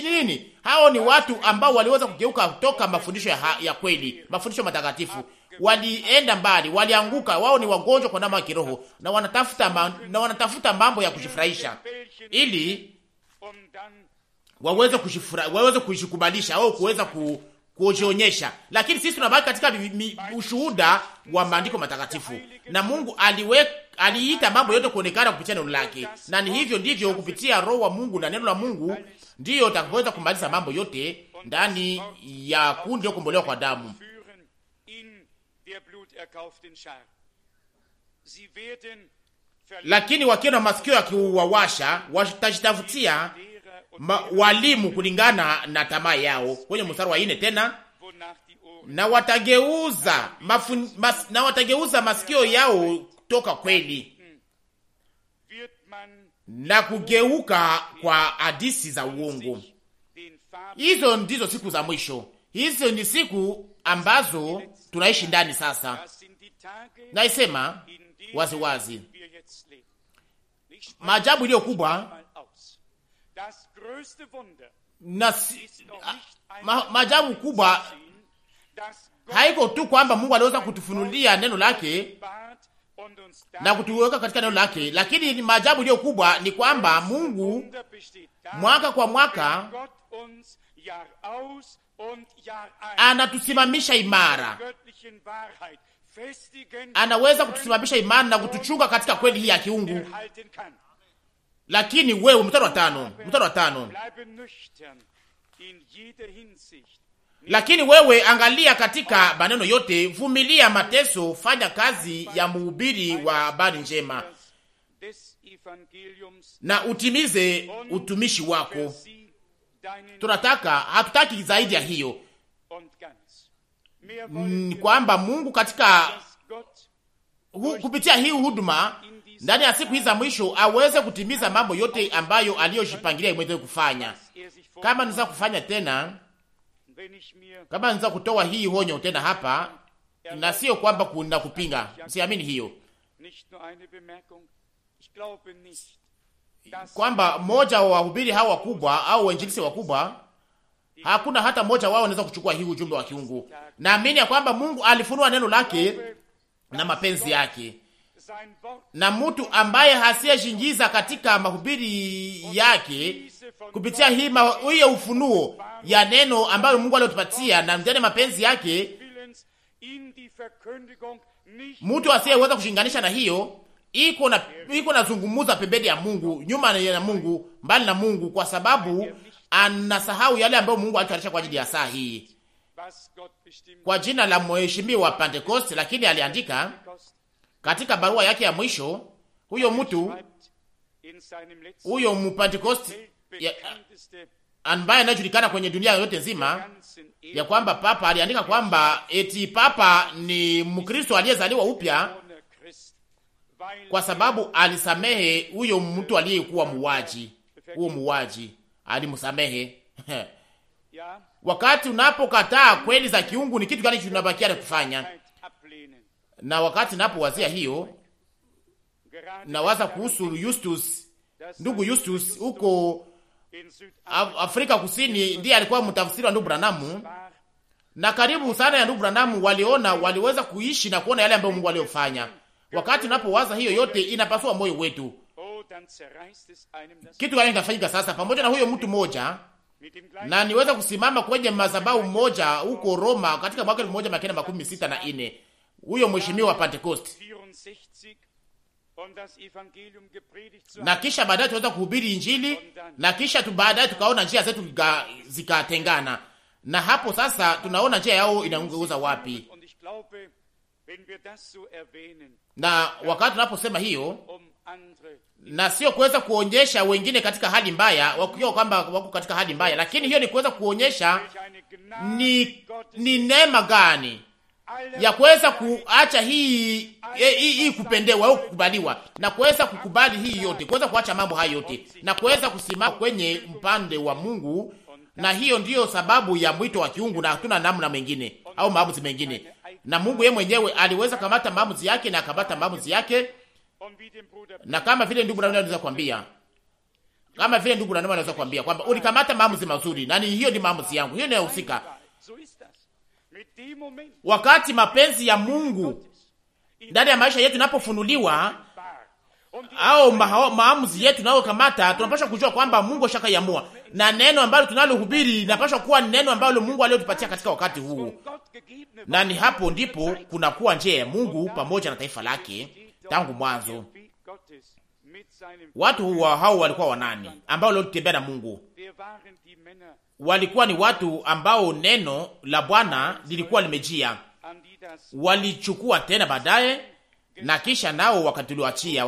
Nini? Hao ni watu ambao waliweza kugeuka kutoka mafundisho ya, ya kweli, mafundisho matakatifu. Walienda mbali, walianguka, wao ni wagonjwa kwa namna kiroho na wanatafuta ma, na wanatafuta mambo ya kujifurahisha ili waweze kushifura, waweze kujikubalisha au kuweza ku, kujionyesha, lakini sisi tunabaki katika ushuhuda wa maandiko matakatifu, na Mungu aliwe, aliita mambo yote kuonekana kupitia neno lake, na ni hivyo ndivyo kupitia Roho wa Mungu na neno la Mungu ndiyo takaweza kumaliza mambo yote ndani ya kundi kukombolewa kwa damu lakini wakiwa na masikio yakiwawasha watajitafutia ma, walimu kulingana na tamaa yao. Kwenye mstari wa ine tena na watageuza mafun, mas, na watageuza masikio yao toka kweli na kugeuka kwa hadisi za uongo. Hizo ndizo siku za mwisho, hizo ni siku ambazo tunaishi ndani sasa. Naisema waziwazi, maajabu iliyo kubwa na ah, maajabu kubwa haiko tu kwamba Mungu aliweza kutufunulia neno lake na kutuweka katika neno lake, lakini maajabu iliyo kubwa ni kwamba Mungu mwaka kwa mwaka anatusimamisha imara, anaweza kutusimamisha imara na kutuchunga katika kweli hii ya kiungu lakini wewe, mstari wa tano, mstari wa tano, lakini wewe angalia katika maneno yote, vumilia mateso, fanya kazi ya mhubiri wa habari njema na utimize utumishi wako. Tunataka, hatutaki zaidi ya hiyo, kwamba Mungu katika hu, kupitia hii huduma ndani ya siku hizi za mwisho aweze kutimiza mambo yote ambayo aliyojipangilia mwenye kufanya. Kama niza kufanya tena, kama niza kutoa hii honyo tena hapa, na sio kwamba kuna kupinga, siamini hiyo kwamba moja wa wahubiri hawa wakubwa au wainjilisi wakubwa hakuna hata mmoja wao anaweza kuchukua hii ujumbe wa kiungu. Naamini ya kwamba Mungu alifunua neno lake na mapenzi yake na mtu ambaye hasiyeshingiza katika mahubiri yake kupitia hii hiyo ufunuo ya neno ambayo Mungu aliyotupatia na ndani mapenzi yake, mtu asiyeweza kushinganisha na hiyo iko na iko nazungumuza pembeni ya Mungu, nyuma ya Mungu, mbali na Mungu, kwa sababu anasahau yale ambayo Mungu alitarisha kwa ajili ya saa hii, kwa jina la mheshimiwa Pentecost. Lakini aliandika katika barua yake ya mwisho, huyo mtu huyo Mpentekosti ambaye anajulikana kwenye dunia yote nzima, ya kwamba papa aliandika kwamba eti papa ni Mkristo aliyezaliwa upya kwa sababu alisamehe huyo mtu aliyekuwa muwaji Huyo muwaji alimsamehe. Wakati unapokataa kweli za kiungu, ni kitu gani kinabakia kufanya? na wakati napowazia hiyo, nawaza kuhusu Justus, ndugu Justus huko Afrika Kusini, ndiye alikuwa mtafsiri wa ndugu Branamu, na karibu sana ya ndugu Branamu waliona, waliweza kuishi na kuona yale ambayo Mungu aliyofanya. Wakati unapowaza hiyo yote, inapasua moyo wetu. Kitu gani kinafanyika sasa pamoja na huyo mtu mmoja? Na niweza kusimama kwenye madhabahu moja huko Roma katika mwaka elfu moja mia kenda makumi sita na nne huyo mheshimiwa wa na kisha baadaye tunaweza kuhubiri Injili, na kisha tu baadaye tukaona njia zetu zikatengana, na hapo sasa tunaona njia yao inaongoza wapi. Na wakati tunaposema hiyo na sio kuweza kuonyesha wengine katika hali mbaya, wakiwa kwamba wako katika hali mbaya, lakini hiyo ni kuweza kuonyesha ni, ni neema gani ya kuweza kuacha hii hii, hii kupendewa au kukubaliwa na kuweza kukubali hii yote, kuweza kuacha mambo hayo yote na kuweza kusimama kwenye mpande wa Mungu. Na hiyo ndiyo sababu ya mwito wa kiungu, na hatuna namna mengine au maamuzi mengine. Na Mungu yeye mwenyewe aliweza kamata maamuzi yake na akapata maamuzi yake, na kama vile ndugu Branham anaweza kuambia, kama vile ndugu Branham anaweza kuambia kwamba ulikamata maamuzi mazuri, na ni hiyo ni maamuzi yangu, hiyo ni yahusika Wakati mapenzi ya Mungu ndani ya maisha yetu inapofunuliwa au maamuzi yetu nayokamata, tunapashwa kujua kwamba Mungu ashakaiamua, na neno ambalo tunalohubiri linapaswa kuwa neno ambalo Mungu aliyotupatia katika wakati huu, na ni hapo ndipo kunakuwa njia ya Mungu pamoja na taifa lake tangu mwanzo. Watu hao walikuwa wanani ambao walitembea na Mungu? walikuwa ni watu ambao neno la Bwana lilikuwa limejia, walichukua tena baadaye na kisha nao wakatuliachia,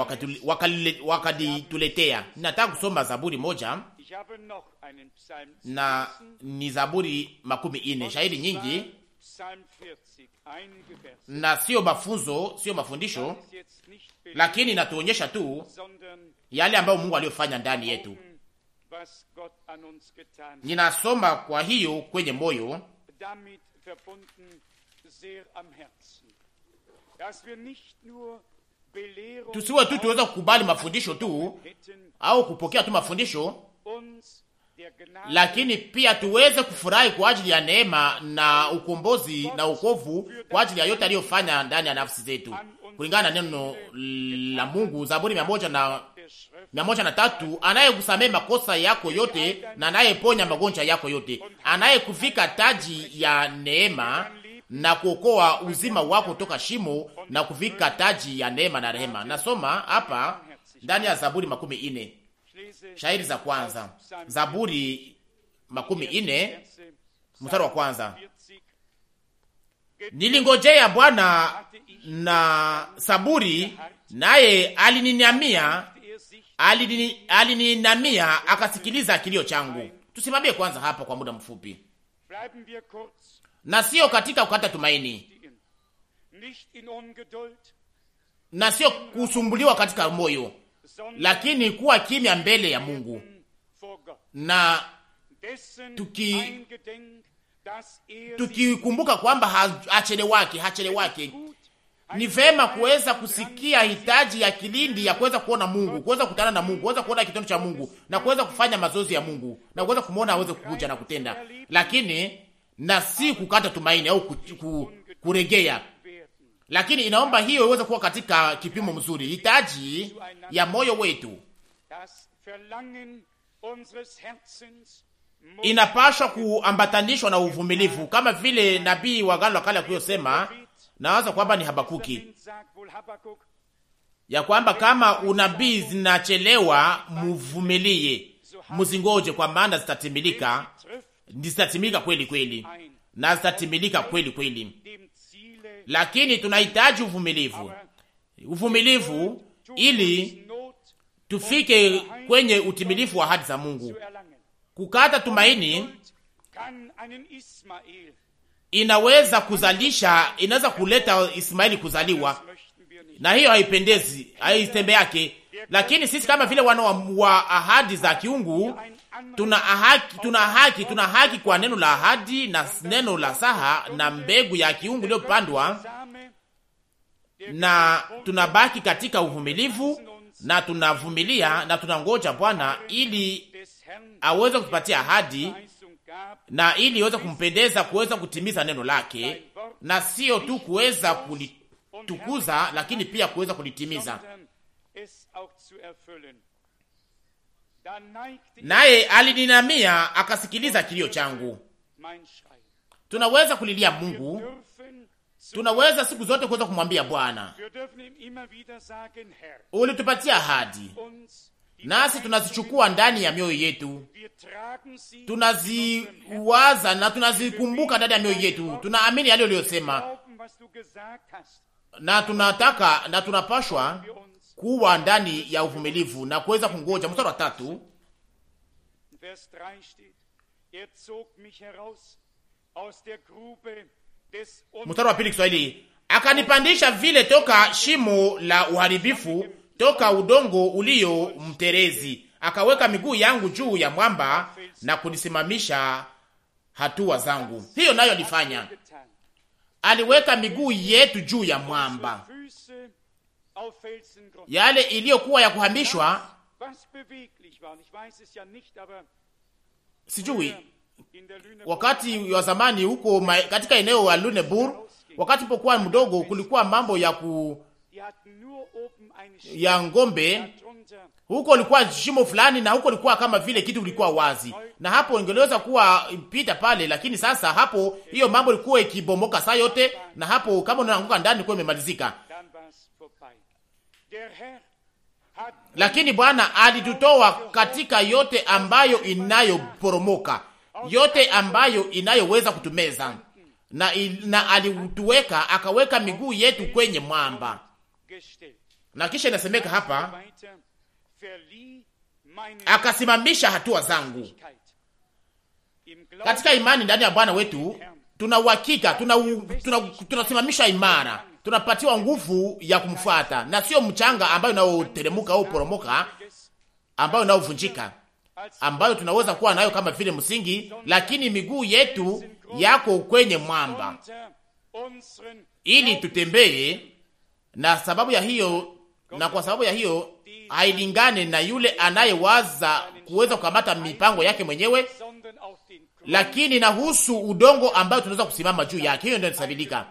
wakalituletea. Nataka kusoma Zaburi moja na ni Zaburi makumi ine shahidi nyingi na sio mafunzo, sio mafundisho, lakini natuonyesha tu yale ambayo Mungu aliyofanya ndani yetu. Ninasoma kwa hiyo kwenye moyo tusiwe tu tuweza kukubali mafundisho tu au kupokea tu mafundisho, lakini pia tuweze kufurahi kwa ajili ya neema na ukombozi na ukovu kwa ajili ya yote aliyofanya ndani ya nafsi zetu kulingana na neno la Mungu, Zaburi mia moja na mia moja na tatu anayekusamehe makosa yako yote na anayeponya magonjwa yako yote, anayekuvika taji ya neema na kuokoa uzima wako toka shimo na kuvika taji ya neema na rehema. Nasoma hapa ndani ya Zaburi makumi ine shairi za kwanza, Zaburi makumi ine mstari wa kwanza. Nilingojea Bwana na saburi, naye alininiamia aliniinamia akasikiliza kilio changu. Tusimamie kwanza hapa kwa muda mfupi, na sio katika kukata tumaini na sio kusumbuliwa katika moyo, lakini kuwa kimya mbele ya Mungu na tuki er tukikumbuka kwamba hachelewake hachelewake ni vema kuweza kusikia hitaji ya kilindi ya kuweza kuona Mungu, kuweza kukutana na Mungu, kuweza kuona kitendo cha Mungu na kuweza kufanya mazoezi ya Mungu na kuweza kumwona aweze kukuja na kutenda, lakini na si kukata tumaini au kuregea. Lakini inaomba hiyo iweze kuwa katika kipimo mzuri, hitaji ya moyo wetu inapashwa kuambatanishwa na uvumilivu, kama vile nabii wa Agano la Kale aliyosema nawaza kwamba ni Habakuki ya kwamba kama unabii zinachelewa, muvumilie, muzingoje, kwa maana zitatimilika, zitatimilika kweli kweli na zitatimilika kweli kweli. Lakini tunahitaji uvumilivu, uvumilivu ili tufike kwenye utimilifu wa ahadi za Mungu. Kukata tumaini inaweza kuzalisha, inaweza kuleta Ismaeli kuzaliwa, na hiyo haipendezi, haitembe yake. Lakini sisi kama vile wana wa ahadi za kiungu tuna haki, tuna haki, tuna haki kwa neno la ahadi na neno la saha na mbegu ya kiungu iliyopandwa, na tunabaki katika uvumilivu na tunavumilia na tunangoja Bwana ili aweze kutupatia ahadi na ili iweze kumpendeza kuweza kutimiza neno lake, na sio tu kuweza kulitukuza, lakini pia kuweza kulitimiza. Naye alininamia akasikiliza kilio changu. Tunaweza kulilia Mungu, tunaweza siku zote kuweza kumwambia Bwana, ulitupatia ahadi nasi tunazichukua ndani ya mioyo yetu, tunaziwaza na tunazikumbuka ndani ya mioyo yetu. Tunaamini yale uliyosema, na tunataka na tunapashwa kuwa ndani ya uvumilivu na kuweza kungoja. Mstari wa tatu mstari wa pili Kiswahili, akanipandisha vile toka shimo la uharibifu toka udongo ulio mterezi, akaweka miguu yangu juu ya mwamba na kunisimamisha hatua zangu. Hiyo nayo alifanya, aliweka miguu yetu juu ya mwamba, yale iliyokuwa ya kuhamishwa. Sijui wakati wa zamani huko katika eneo la lunebourg wakati pokuwa mdogo, kulikuwa mambo ya ku ya ngombe huko ulikuwa shimo fulani, na huko ulikuwa kama vile kitu ulikuwa wazi, na hapo ungeweza kuwa pita pale, lakini sasa hapo hiyo mambo ilikuwa ikibomoka saa yote, na hapo kama unaanguka ndani kwa imemalizika. Lakini Bwana alitutoa katika yote ambayo inayoporomoka, yote ambayo inayoweza kutumeza, na, na alituweka akaweka miguu yetu kwenye mwamba na kisha inasemeka hapa, akasimamisha hatua zangu katika imani ndani ya Bwana wetu. Tuna uhakika, tunasimamisha imara, tunapatiwa nguvu ya kumfuata na sio mchanga ambayo unaoteremuka au poromoka, ambayo unaovunjika, ambayo tunaweza kuwa nayo kama vile msingi, lakini miguu yetu yako kwenye mwamba ili tutembee. Na sababu ya hiyo na kwa sababu ya hiyo hailingane na yule anayewaza kuweza kukamata mipango yake mwenyewe, lakini nahusu udongo ambayo tunaweza kusimama juu yake. Hiyo ndio inasabilika.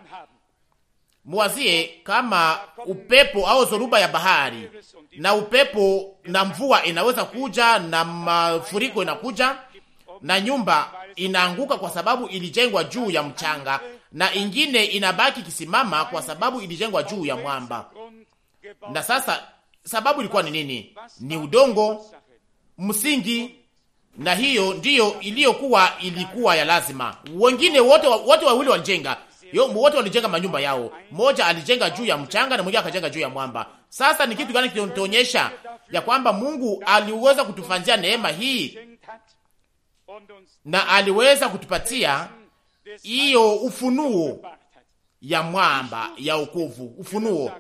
Muwazie kama upepo au zoruba ya bahari, na upepo na mvua inaweza kuja na mafuriko inakuja na nyumba inaanguka kwa sababu ilijengwa juu ya mchanga, na ingine inabaki kisimama kwa sababu ilijengwa juu ya mwamba. Na sasa sababu ilikuwa ni nini? Ni udongo msingi, na hiyo ndiyo iliyokuwa ilikuwa ya lazima. Wengine wote wote wawili walijenga yo, wote walijenga manyumba yao, moja alijenga juu ya mchanga na mwingine akajenga juu ya mwamba. Sasa ni kitu gani kinatuonyesha ya kwamba Mungu aliweza kutufanzia neema hii na aliweza kutupatia hiyo ufunuo ya mwamba ya ukovu ufunuo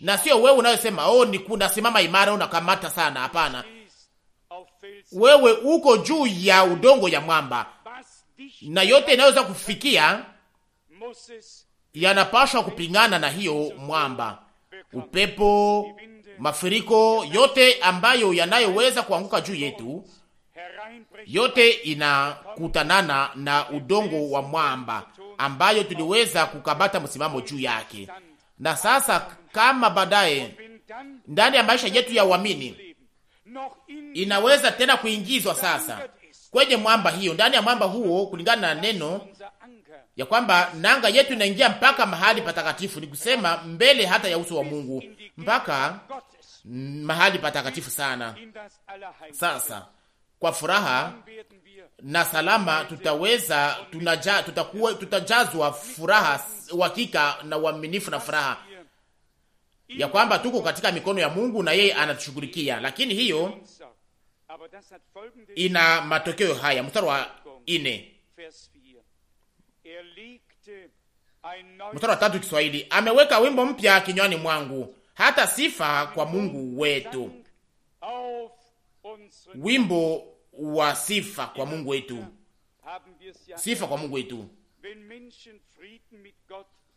na sio wewe unayosema oh, ni simama imara, unakamata sana. Hapana, wewe uko juu ya udongo ya mwamba, na yote inayoweza kufikia yanapashwa kupingana na hiyo mwamba. Upepo, mafuriko, yote ambayo yanayoweza kuanguka juu yetu, yote inakutanana na udongo wa mwamba ambayo tuliweza kukabata msimamo juu yake, na sasa kama baadaye ndani ya maisha yetu ya uamini inaweza tena kuingizwa sasa kwenye mwamba hiyo, ndani ya mwamba huo, kulingana na neno ya kwamba nanga yetu inaingia mpaka mahali patakatifu, ni kusema mbele hata ya uso wa Mungu, mpaka mahali patakatifu sana. Sasa kwa furaha na salama, tutaweza tunaja, tutakuwa, tutajazwa furaha, uhakika na uaminifu na furaha ya kwamba tuko katika mikono ya Mungu na yeye anatushughulikia. Lakini hiyo ina matokeo haya, mstari wa ine mstari wa tatu Kiswahili, ameweka wimbo mpya kinywani mwangu, hata sifa kwa Mungu wetu. Wimbo wa sifa kwa Mungu wetu, sifa kwa Mungu wetu.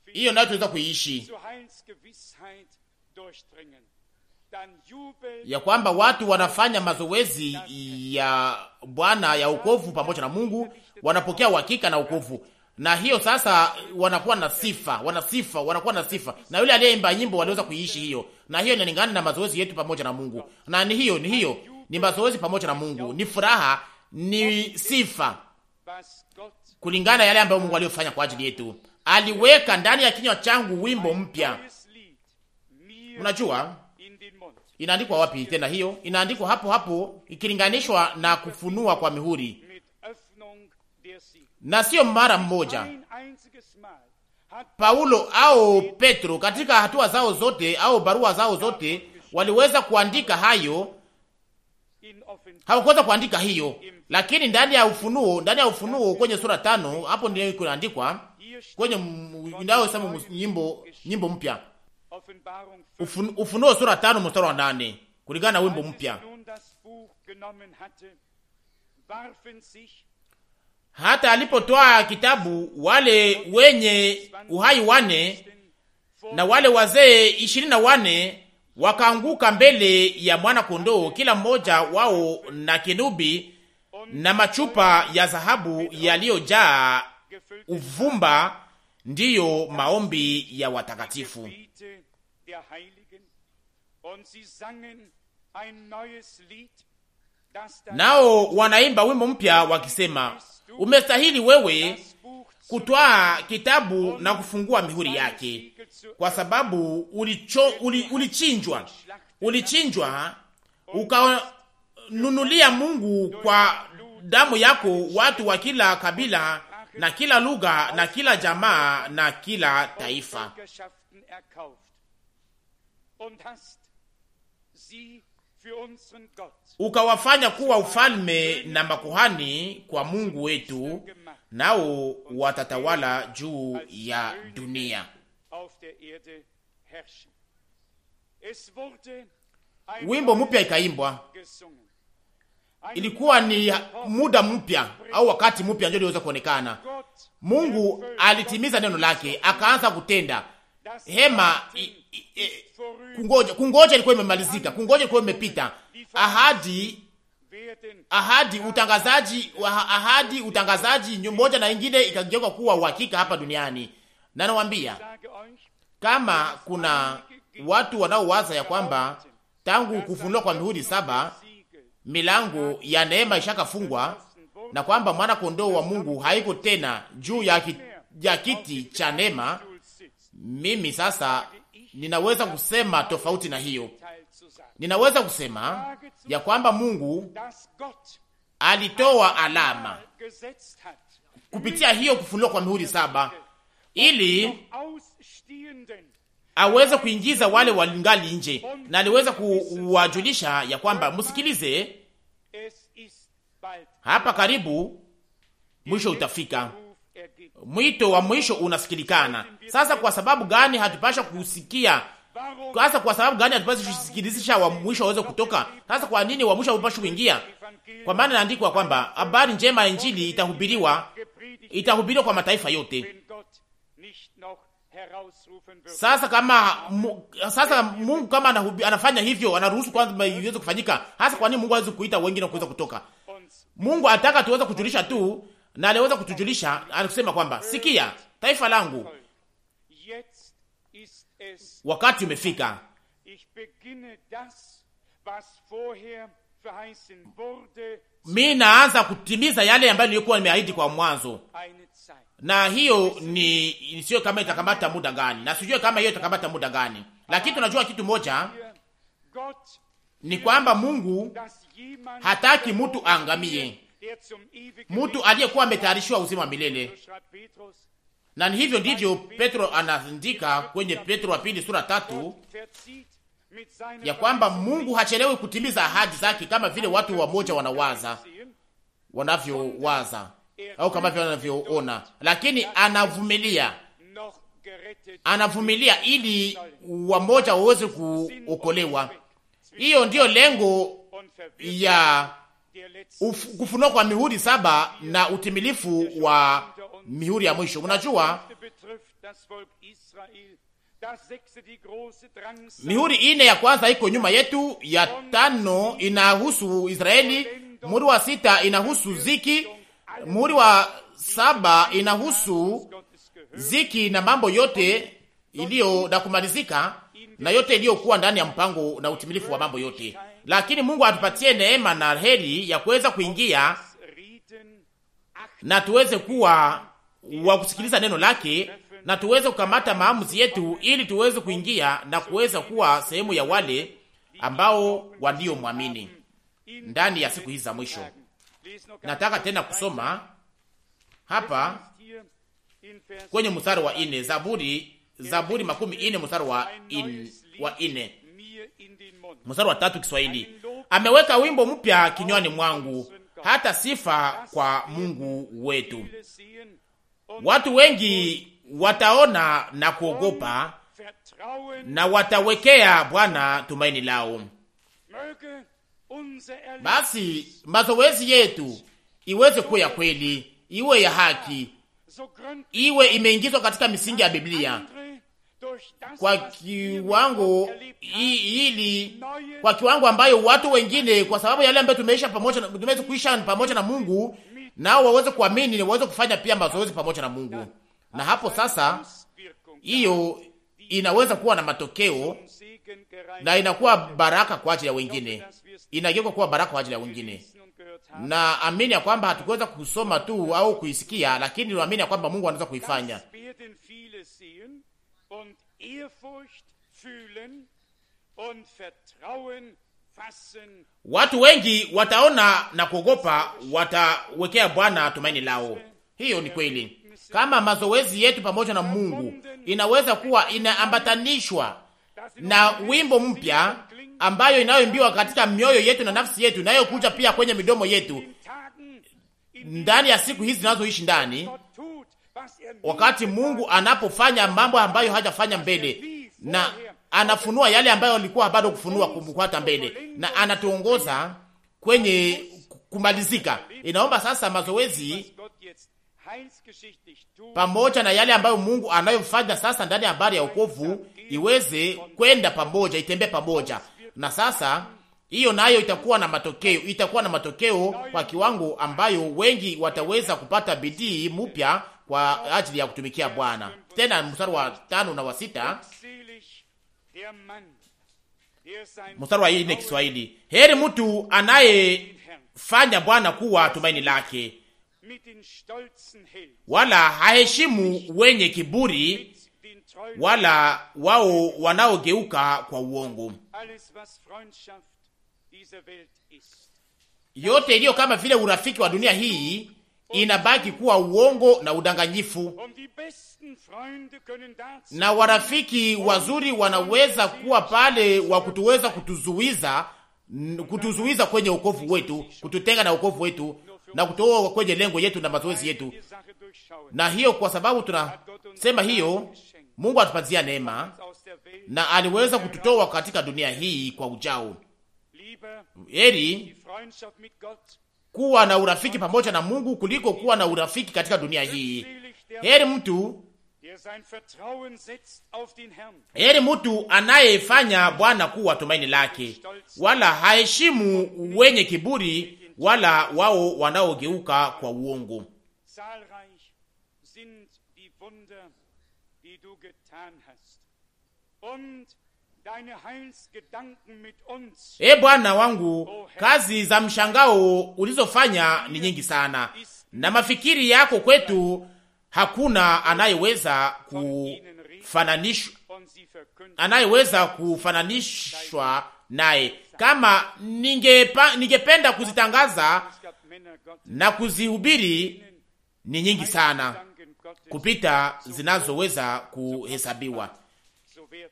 Hiyo nayo tunaweza kuiishi ya kwamba watu wanafanya mazoezi ya Bwana ya ukovu pamoja na Mungu, wanapokea uhakika na ukovu na hiyo sasa wanakuwa na sifa, wana sifa, wanakuwa na sifa, na yule aliyeimba nyimbo waliweza kuiishi hiyo, na hiyo inalingana na mazoezi yetu pamoja na Mungu, na ni hiyo, ni hiyo ni mazoezi pamoja na Mungu, ni furaha, ni sifa kulingana yale ambayo Mungu aliyofanya kwa ajili yetu. Aliweka ndani ya kinywa changu wimbo mpya. Unajua inaandikwa wapi tena hiyo? Inaandikwa hapo hapo, ikilinganishwa na kufunua kwa mihuri, na sio mara mmoja. Paulo au Petro katika hatua zao zote au barua zao zote waliweza kuandika hayo hawakuweza kuandika hiyo, lakini ndani ya Ufunuo, ndani ya Ufunuo kwenye sura tano, hapo ndio kunaandikwa kwenye inayosema nyimbo nyimbo mpya, Ufunuo sura tano mstari wa nane kulingana na wimbo mpya. Hata alipotoa kitabu, wale wenye uhai wane na wale wazee ishirini na wane wakaanguka mbele ya mwana kondoo, kila mmoja wao na kinubi na machupa ya dhahabu yaliyojaa uvumba. Ndiyo maombi ya watakatifu. Nao wanaimba wimbo mpya wakisema, umestahili wewe kutwaa kitabu na kufungua mihuri yake, kwa sababu ulichinjwa uli, ulichinjwa ukanunulia Mungu kwa damu yako watu wa kila kabila na kila lugha na kila jamaa na kila taifa ukawafanya kuwa ufalme na makuhani kwa Mungu wetu, nao watatawala juu ya dunia. Wimbo mpya ikaimbwa, ilikuwa ni muda mpya au wakati mpya ndio liweza kuonekana. Mungu alitimiza neno lake, akaanza kutenda hema eh, kungoja kungoja ilikuwa imemalizika, kungoja ilikuwa imepita. Ahadi ahadi utangazaji ahadi utangazaji moja na ingine ikageuka kuwa uhakika hapa duniani, na nawaambia kama kuna watu wanaowaza ya kwamba tangu kufunuliwa kwa mihuri saba milango ya neema ishakafungwa na kwamba mwana kondoo wa Mungu haiko tena juu ya, ki, ya kiti cha neema mimi sasa ninaweza kusema tofauti na hiyo. Ninaweza kusema ya kwamba Mungu alitoa alama kupitia hiyo kufunuliwa kwa mihuri saba ili aweze kuingiza wale walingali nje, na aliweza kuwajulisha ya kwamba msikilize, hapa karibu mwisho utafika. Mwito wa mwisho unasikilikana sasa. Kwa sababu gani hatupasha kusikia sasa? Kwa sababu gani hatupasha kusikilizisha wa mwisho waweze kutoka sasa? Kwa nini wa mwisho haupashi kuingia? Kwa maana inaandikwa kwamba habari njema ya injili itahubiriwa, itahubiriwa kwa mataifa yote. Sasa kama mu, sasa Mungu kama anahubi, anafanya hivyo anaruhusu kwanza iweze kufanyika hasa. Kwa nini Mungu hawezi kuita wengine kuweza kutoka? Mungu anataka tuweze kujulisha tu na aliweza kutujulisha, anakusema kwamba sikia, taifa langu, wakati umefika mi naanza kutimiza yale ambayo nilikuwa nimeahidi kwa mwanzo, na hiyo ni sio kama itakamata muda gani, na sijue kama hiyo itakamata muda gani, lakini tunajua kitu moja ni kwamba Mungu hataki mtu aangamie, mtu aliyekuwa ametayarishiwa uzima wa milele. Na hivyo ndivyo Petro anaandika kwenye Petro wa pili sura tatu ya kwamba Mungu hachelewi kutimiza ahadi zake, kama vile watu wamoja wanawaza wanavyowaza au kama vile wanavyoona, lakini anavumilia, anavumilia ili wamoja waweze kuokolewa. Hiyo ndiyo lengo ya kufunua kwa mihuri saba na utimilifu wa mihuri ya mwisho. Unajua mihuri ine ya kwanza iko nyuma yetu, ya tano inahusu Israeli, muhuri wa sita inahusu ziki, muhuri wa saba inahusu ziki na mambo yote iliyo na kumalizika na yote iliyokuwa ndani ya mpango na utimilifu wa mambo yote lakini Mungu atupatie neema na heri ya kuweza kuingia na tuweze kuwa wa kusikiliza neno lake na tuweze kukamata maamuzi yetu, ili tuweze kuingia na kuweza kuwa sehemu ya wale ambao waliomwamini ndani ya siku hizi za mwisho. Nataka tena kusoma hapa kwenye mstari wa ine Zaburi, Zaburi makumi ine mstari wa ine, wa ine mstari wa tatu Kiswahili, ameweka wimbo mpya kinywani mwangu, hata sifa kwa Mungu wetu. Watu wengi wataona na kuogopa na watawekea Bwana tumaini lao. Basi mazoezi yetu iweze kuwa ya kweli, iwe ya haki, iwe imeingizwa katika misingi ya Biblia, kwa kiwango ili kwa kiwango ambayo watu wengine, kwa sababu yale ambayo tumeisha pamoja, tumeweza kuisha pamoja na Mungu, nao waweze kuamini na waweze kufanya pia mazoezi pamoja na Mungu, na hapo sasa hiyo inaweza kuwa na matokeo na inakuwa baraka kwa ajili ya wengine, inageuka kuwa baraka kwa ajili ya wengine. Na amini ya kwamba hatukuweza kusoma tu au kuisikia, lakini naamini ya kwamba Mungu anaweza kuifanya Watu wengi wataona na kuogopa, watawekea Bwana tumaini lao. Hiyo ni kweli. Kama mazoezi yetu pamoja na Mungu inaweza kuwa inaambatanishwa na wimbo mpya ambayo inayoimbiwa katika mioyo yetu na nafsi yetu, inayokuja pia kwenye midomo yetu ndani ya siku hizi zinazoishi ndani wakati Mungu anapofanya mambo ambayo hajafanya mbele na anafunua yale ambayo alikuwa bado kufunua kumkwata mbele, na anatuongoza kwenye kumalizika. Inaomba sasa mazoezi pamoja na yale ambayo Mungu anayofanya sasa ndani ya habari ya wokovu iweze kwenda pamoja, itembee pamoja na sasa hiyo nayo itakuwa na matokeo, itakuwa na matokeo kwa kiwango ambayo wengi wataweza kupata bidii mpya kwa ajili ya kutumikia Bwana. Tena mstari wa tano na wa sita mstari wa nne Kiswahili, heri mtu anayefanya Bwana kuwa tumaini lake, wala haheshimu wenye kiburi, wala wao wanaogeuka kwa uongo. Yote iliyo kama vile urafiki wa dunia hii inabaki kuwa uongo na udanganyifu, na warafiki wazuri wanaweza kuwa pale wa kutuweza kutuzuiza kutuzuiza kwenye ukovu wetu, kututenga na ukovu wetu na kutoa kwenye lengo yetu na mazoezi yetu. Na hiyo kwa sababu tunasema hiyo, Mungu atupatia neema na aliweza kututoa katika dunia hii kwa ujao. Heri kuwa na urafiki pamoja na Mungu kuliko kuwa na urafiki katika dunia hii. Heri mtu, heri mtu anayefanya Bwana kuwa tumaini lake, wala haheshimu wenye kiburi, wala wao wanaogeuka kwa uongo. E Bwana wangu, kazi za mshangao ulizofanya ni nyingi sana, na mafikiri yako kwetu hakuna anayeweza kufananishwa, anayeweza kufananishwa naye. Kama ningepa, ningependa kuzitangaza na kuzihubiri ni nyingi sana kupita zinazoweza kuhesabiwa.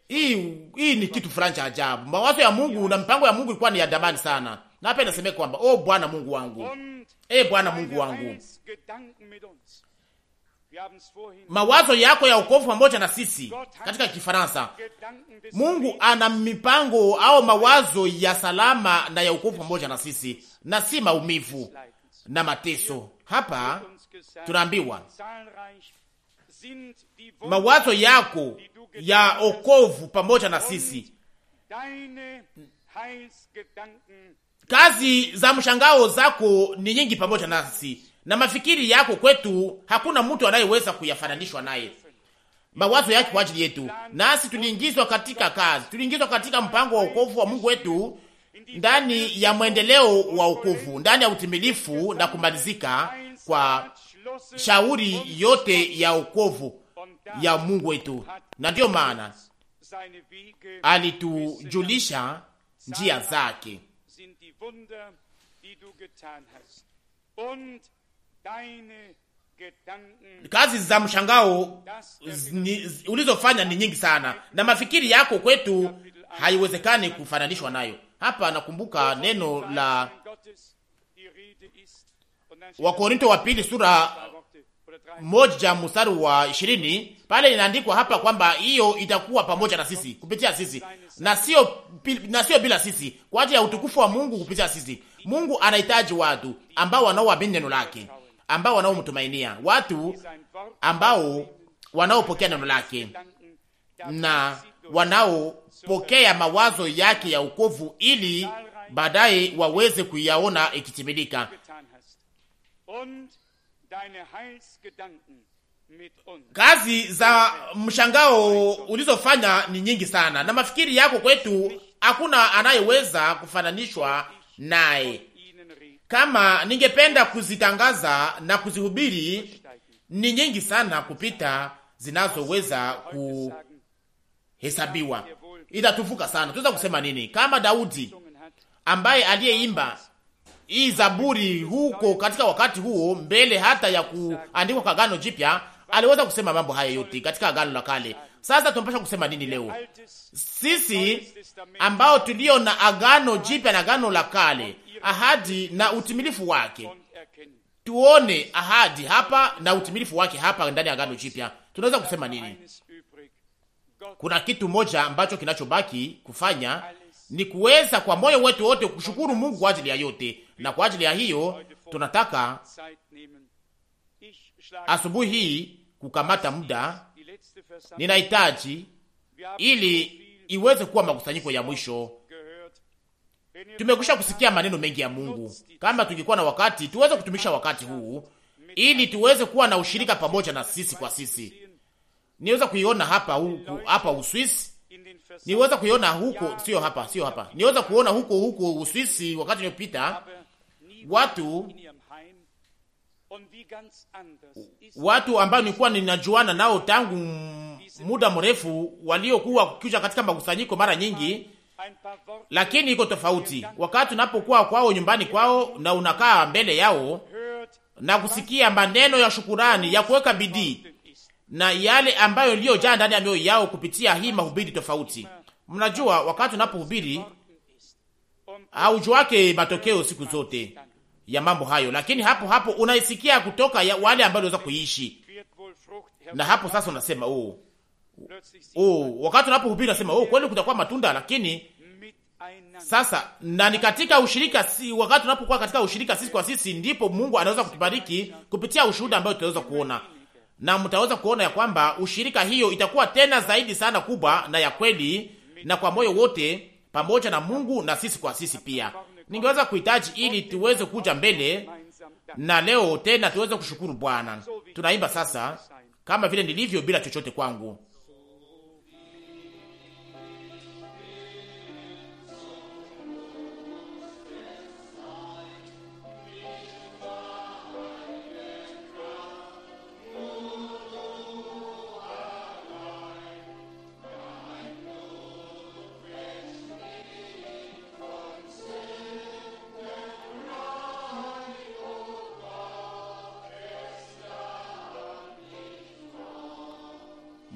Hii hii ni kitu fulani cha ajabu. Mawazo ya Mungu na mipango ya Mungu ilikuwa ni ya damani sana. Na hapa inasemeka kwamba oh, Bwana Mungu wangu, eh, Bwana Mungu wangu, mawazo yako ya ukovu pamoja na sisi. Katika Kifaransa, Mungu ana mipango au mawazo ya salama na ya ukovu pamoja na sisi, na si maumivu na mateso. Hapa tunaambiwa mawazo yako ya okovu pamoja na sisi. Kazi za mshangao zako ni nyingi pamoja nasi, na mafikiri yako kwetu hakuna mtu anayeweza kuyafananishwa naye. Mawazo yake kwa ajili yetu, nasi tuliingizwa katika kazi, tuliingizwa katika mpango wa wokovu wa Mungu wetu, ndani ya mwendeleo wa wokovu, ndani ya utimilifu na kumalizika kwa shauri yote ya wokovu ya Mungu wetu, na ndiyo maana alitujulisha njia zake kazi za mshangao ulizofanya ni nyingi sana, na mafikiri yako kwetu haiwezekani kufananishwa nayo. Hapa nakumbuka neno la Wakorinto wa pili sura moja mstari wa ishirini pale inaandikwa hapa kwamba hiyo itakuwa pamoja na sisi kupitia sisi na sio na sio bila sisi, kwa ajili ya utukufu wa Mungu kupitia sisi. Mungu anahitaji watu ambao wanaoamini neno lake, ambao wanaomtumainia, watu ambao wanaopokea neno lake na wanaopokea mawazo yake ya ukovu, ili baadaye waweze kuyaona ikitimilika Kazi za mshangao ulizofanya ni nyingi sana, na mafikiri yako kwetu hakuna anayeweza kufananishwa naye. Kama ningependa kuzitangaza na kuzihubiri, ni nyingi sana kupita zinazoweza kuhesabiwa. Itatufuka sana. Tuweza kusema nini? Kama Daudi ambaye aliyeimba hii Zaburi huko katika wakati huo mbele hata ya kuandikwa kwa Agano Jipya, aliweza kusema mambo haya yote katika Agano la Kale. Sasa tunapasha kusema nini leo sisi ambao tulio na Agano Jipya na Agano la Kale, ahadi na utimilifu wake? Tuone ahadi hapa na utimilifu wake hapa ndani ya Agano Jipya, tunaweza kusema nini? Kuna kitu moja ambacho kinachobaki kufanya ni kuweza kwa moyo wetu wote kushukuru Mungu kwa ajili ya yote. Na kwa ajili ya hiyo tunataka asubuhi hii kukamata muda ninahitaji, ili iweze kuwa makusanyiko ya mwisho. Tumekwisha kusikia maneno mengi ya Mungu. Kama tungekuwa na wakati, tuweze kutumisha wakati huu ili tuweze kuwa na ushirika pamoja na sisi kwa sisi. Niweza kuiona hapa huku hapa Uswisi niweza kuiona huko, sio hapa, sio hapa, niweza kuona huko huko Uswisi wakati uliopita watu watu ambao nilikuwa ninajuana nao tangu muda mrefu, waliokuwa kisha katika makusanyiko mara nyingi, lakini iko tofauti wakati unapokuwa kwao nyumbani kwao na unakaa mbele yao na kusikia maneno ya shukurani ya kuweka bidii na yale ambayo iliyojaa ndani ya mioyo yao kupitia hii mahubiri tofauti. Mnajua, wakati unapohubiri haujua wake matokeo siku zote ya mambo hayo, lakini hapo hapo unaisikia kutoka ya wale ambao waliweza kuishi, na hapo sasa unasema oh, oh. Wakati unapohubiri unasema oh, kweli kutakuwa matunda, lakini sasa na ni katika ushirika si, wakati unapokuwa katika ushirika sisi kwa sisi, ndipo Mungu anaweza kutubariki kupitia ushuhuda ambayo tunaweza kuona na mtaweza kuona ya kwamba ushirika hiyo itakuwa tena zaidi sana kubwa na ya kweli na kwa moyo wote pamoja na Mungu na sisi kwa sisi pia. Ningeweza kuhitaji ili tuweze kuja mbele na leo tena tuweze kushukuru Bwana. Tunaimba sasa, kama vile nilivyo bila chochote kwangu.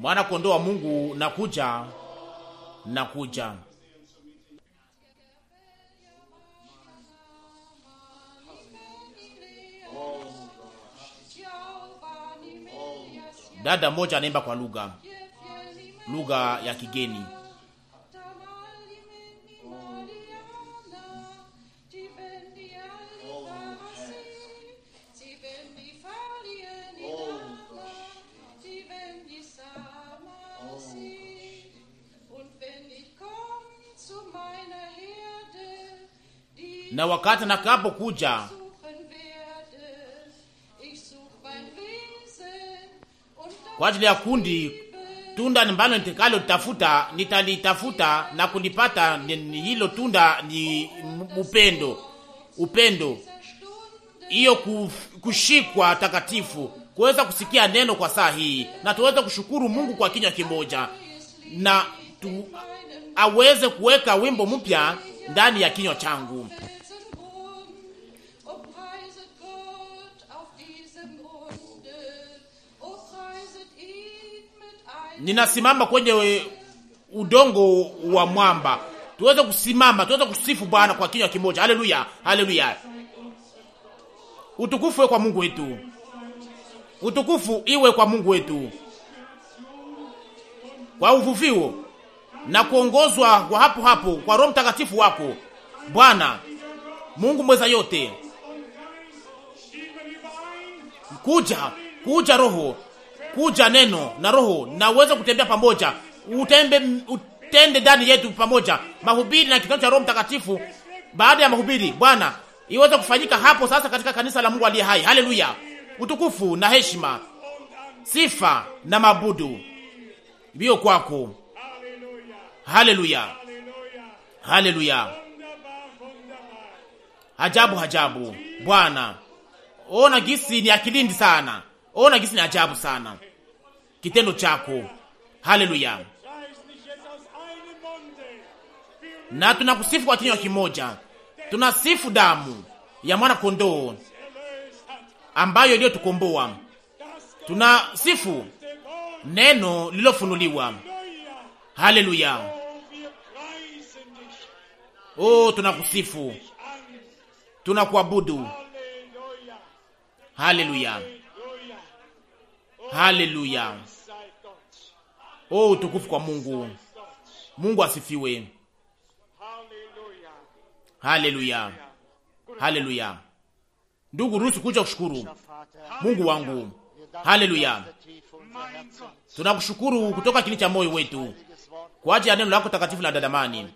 mwana kondoo wa Mungu nakuja, nakuja. Dada moja anaimba kwa lugha lugha ya kigeni. na wakati nakapokuja kwa ajili ya kundi tunda ambalo nitakalo tafuta nitalitafuta na kulipata. Hilo tunda ni upendo, upendo, hiyo kushikwa takatifu, kuweza kusikia neno kwa saa hii, na tuweze kushukuru Mungu kwa kinywa kimoja, na tu aweze kuweka wimbo mpya ndani ya kinywa changu. ninasimama kwenye udongo wa mwamba. Tuweze kusimama, tuweze kusifu Bwana kwa kinywa kimoja. Haleluya, haleluya! Utukufu kwa Mungu wetu, utukufu iwe kwa Mungu wetu kwa uvuvio na kuongozwa kwa hapo hapo kwa Roho Mtakatifu wako Bwana Mungu mweza yote, kuja kuja Roho kuja neno na roho na uweze kutembea pamoja, utembe utende ndani yetu pamoja, mahubiri na kitabu cha Roho Mtakatifu baada ya mahubiri, Bwana iweze kufanyika hapo sasa katika kanisa la Mungu aliye hai. Haleluya! Utukufu na heshima, sifa na mabudu vio kwako. Haleluya, haleluya! Hajabu, hajabu! Bwana, ona gisi ni akilindi sana Ona gisi ni ajabu sana kitendo chako. Haleluya, na tunakusifu kwa kinywa kimoja, tunasifu damu ya mwana kondoo ambayo iliyotukomboa, tunasifu neno lilofunuliwa. Haleluya, oh, tunakusifu, tunakuabudu. Haleluya. Haleluya! Oh, utukufu kwa Mungu. Mungu asifiwe. Haleluya, haleluya. Ndugu, ruhusu kuja kushukuru Mungu wangu. Haleluya, tunakushukuru kutoka kini cha moyo wetu kwa ajili ya neno lako takatifu la dadamani,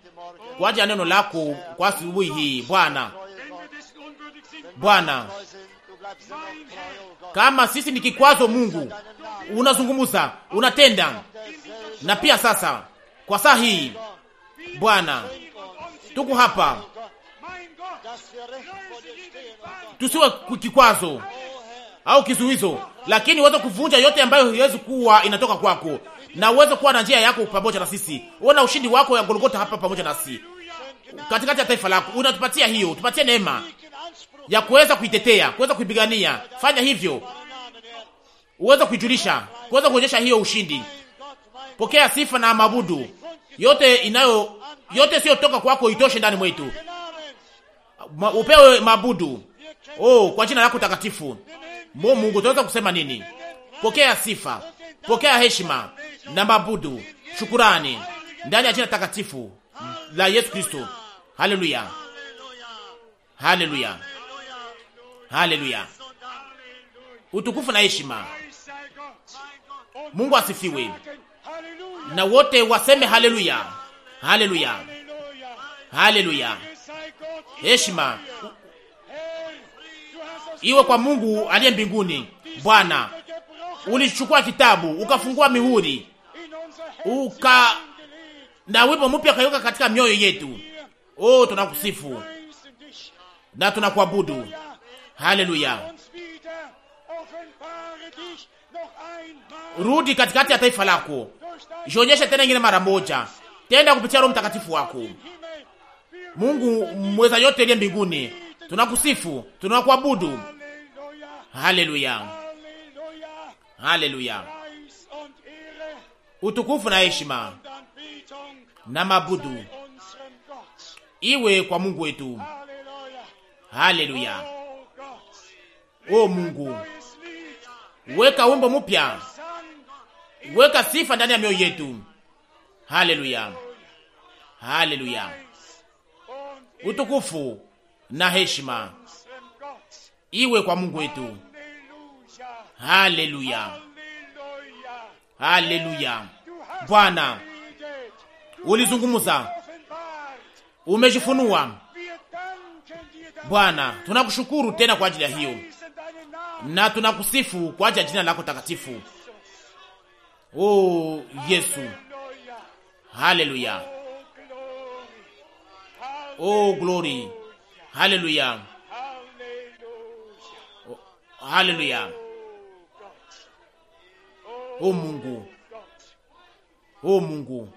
kwa ajili ya neno lako kwa asubuhi hii Bwana. Bwana, kama sisi ni kikwazo, Mungu unazungumza, unatenda. Na pia sasa kwa saa hii Bwana, tuko hapa, tusiwe kikwazo au kizuizo, lakini uweze kuvunja yote ambayo iwezi kuwa inatoka kwako, na uweze kuwa na njia yako pamoja na sisi. Uona ushindi wako ya Golgota hapa pamoja nasi katikati ya taifa lako, unatupatia hiyo, tupatie neema ya kuweza kuitetea, kuweza kuipigania. Fanya hivyo, uweze kuijulisha, kuweza kuonyesha hiyo ushindi. Pokea sifa na mabudu yote inayo yote, sio toka kwako, itoshe ndani mwetu. Ma, upewe mabudu oh, kwa jina lako takatifu Mo Mungu, tunaweza kusema nini? Pokea sifa, pokea heshima na mabudu, shukurani ndani ya jina takatifu la Yesu Kristo. Haleluya, haleluya. Haleluya, utukufu na heshima. Mungu asifiwe, na wote waseme haleluya, haleluya, haleluya. Heshima iwe kwa Mungu aliye mbinguni. Bwana, ulichukua kitabu ukafungua mihuri uka na wimbo mpya kayoka katika mioyo yetu. Oh, tunakusifu na tunakuabudu. Haleluya! Rudi katikati ya taifa lako, jionyeshe tena ingine mara moja, tenda kupitia Roho Mtakatifu wako. Mungu mweza yote aliye mbinguni, tunakusifu, tunakuabudu. Haleluya, haleluya! Utukufu na heshima na mabudu iwe kwa Mungu wetu. Haleluya! O oh, Mungu, weka wimbo mpya, weka sifa ndani ya mioyo yetu. Haleluya, haleluya! Utukufu na heshima iwe kwa Mungu wetu. Haleluya, haleluya! Bwana ulizungumza, umejifunua Bwana, tunakushukuru tena kwa ajili ya hiyo na tunakusifu kwa ajili ya jina lako takatifu. Oh Yesu, haleluya! Oh glory, haleluya, haleluya! Oh Mungu, oh Mungu,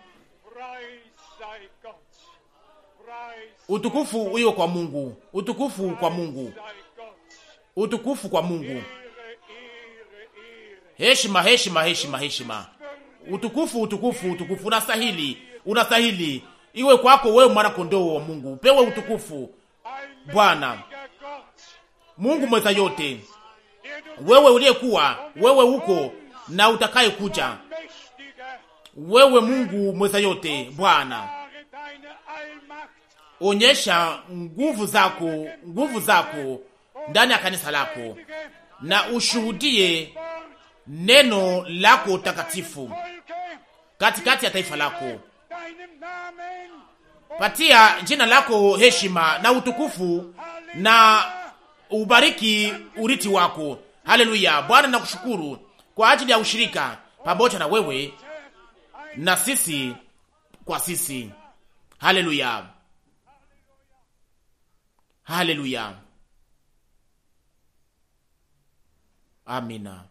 utukufu uyo kwa Mungu, utukufu kwa Mungu, Utukufu kwa Mungu, heshima, heshima, heshima, heshima, utukufu, utukufu, utukufu. Unastahili, unastahili iwe kwako wewe, mwana kondoo wa Mungu. Upewe utukufu Bwana Mungu mweza yote, wewe uliyekuwa, wewe uko na utakaye kuja, wewe Mungu mweza yote. Bwana, onyesha nguvu zako, nguvu zako ndani ya kanisa lako na ushuhudie neno lako takatifu katikati ya taifa lako. Patia jina lako heshima na utukufu na ubariki uriti wako. Haleluya! Bwana, nakushukuru kwa ajili ya ushirika pamoja na wewe na sisi kwa sisi. Haleluya, haleluya. Amina.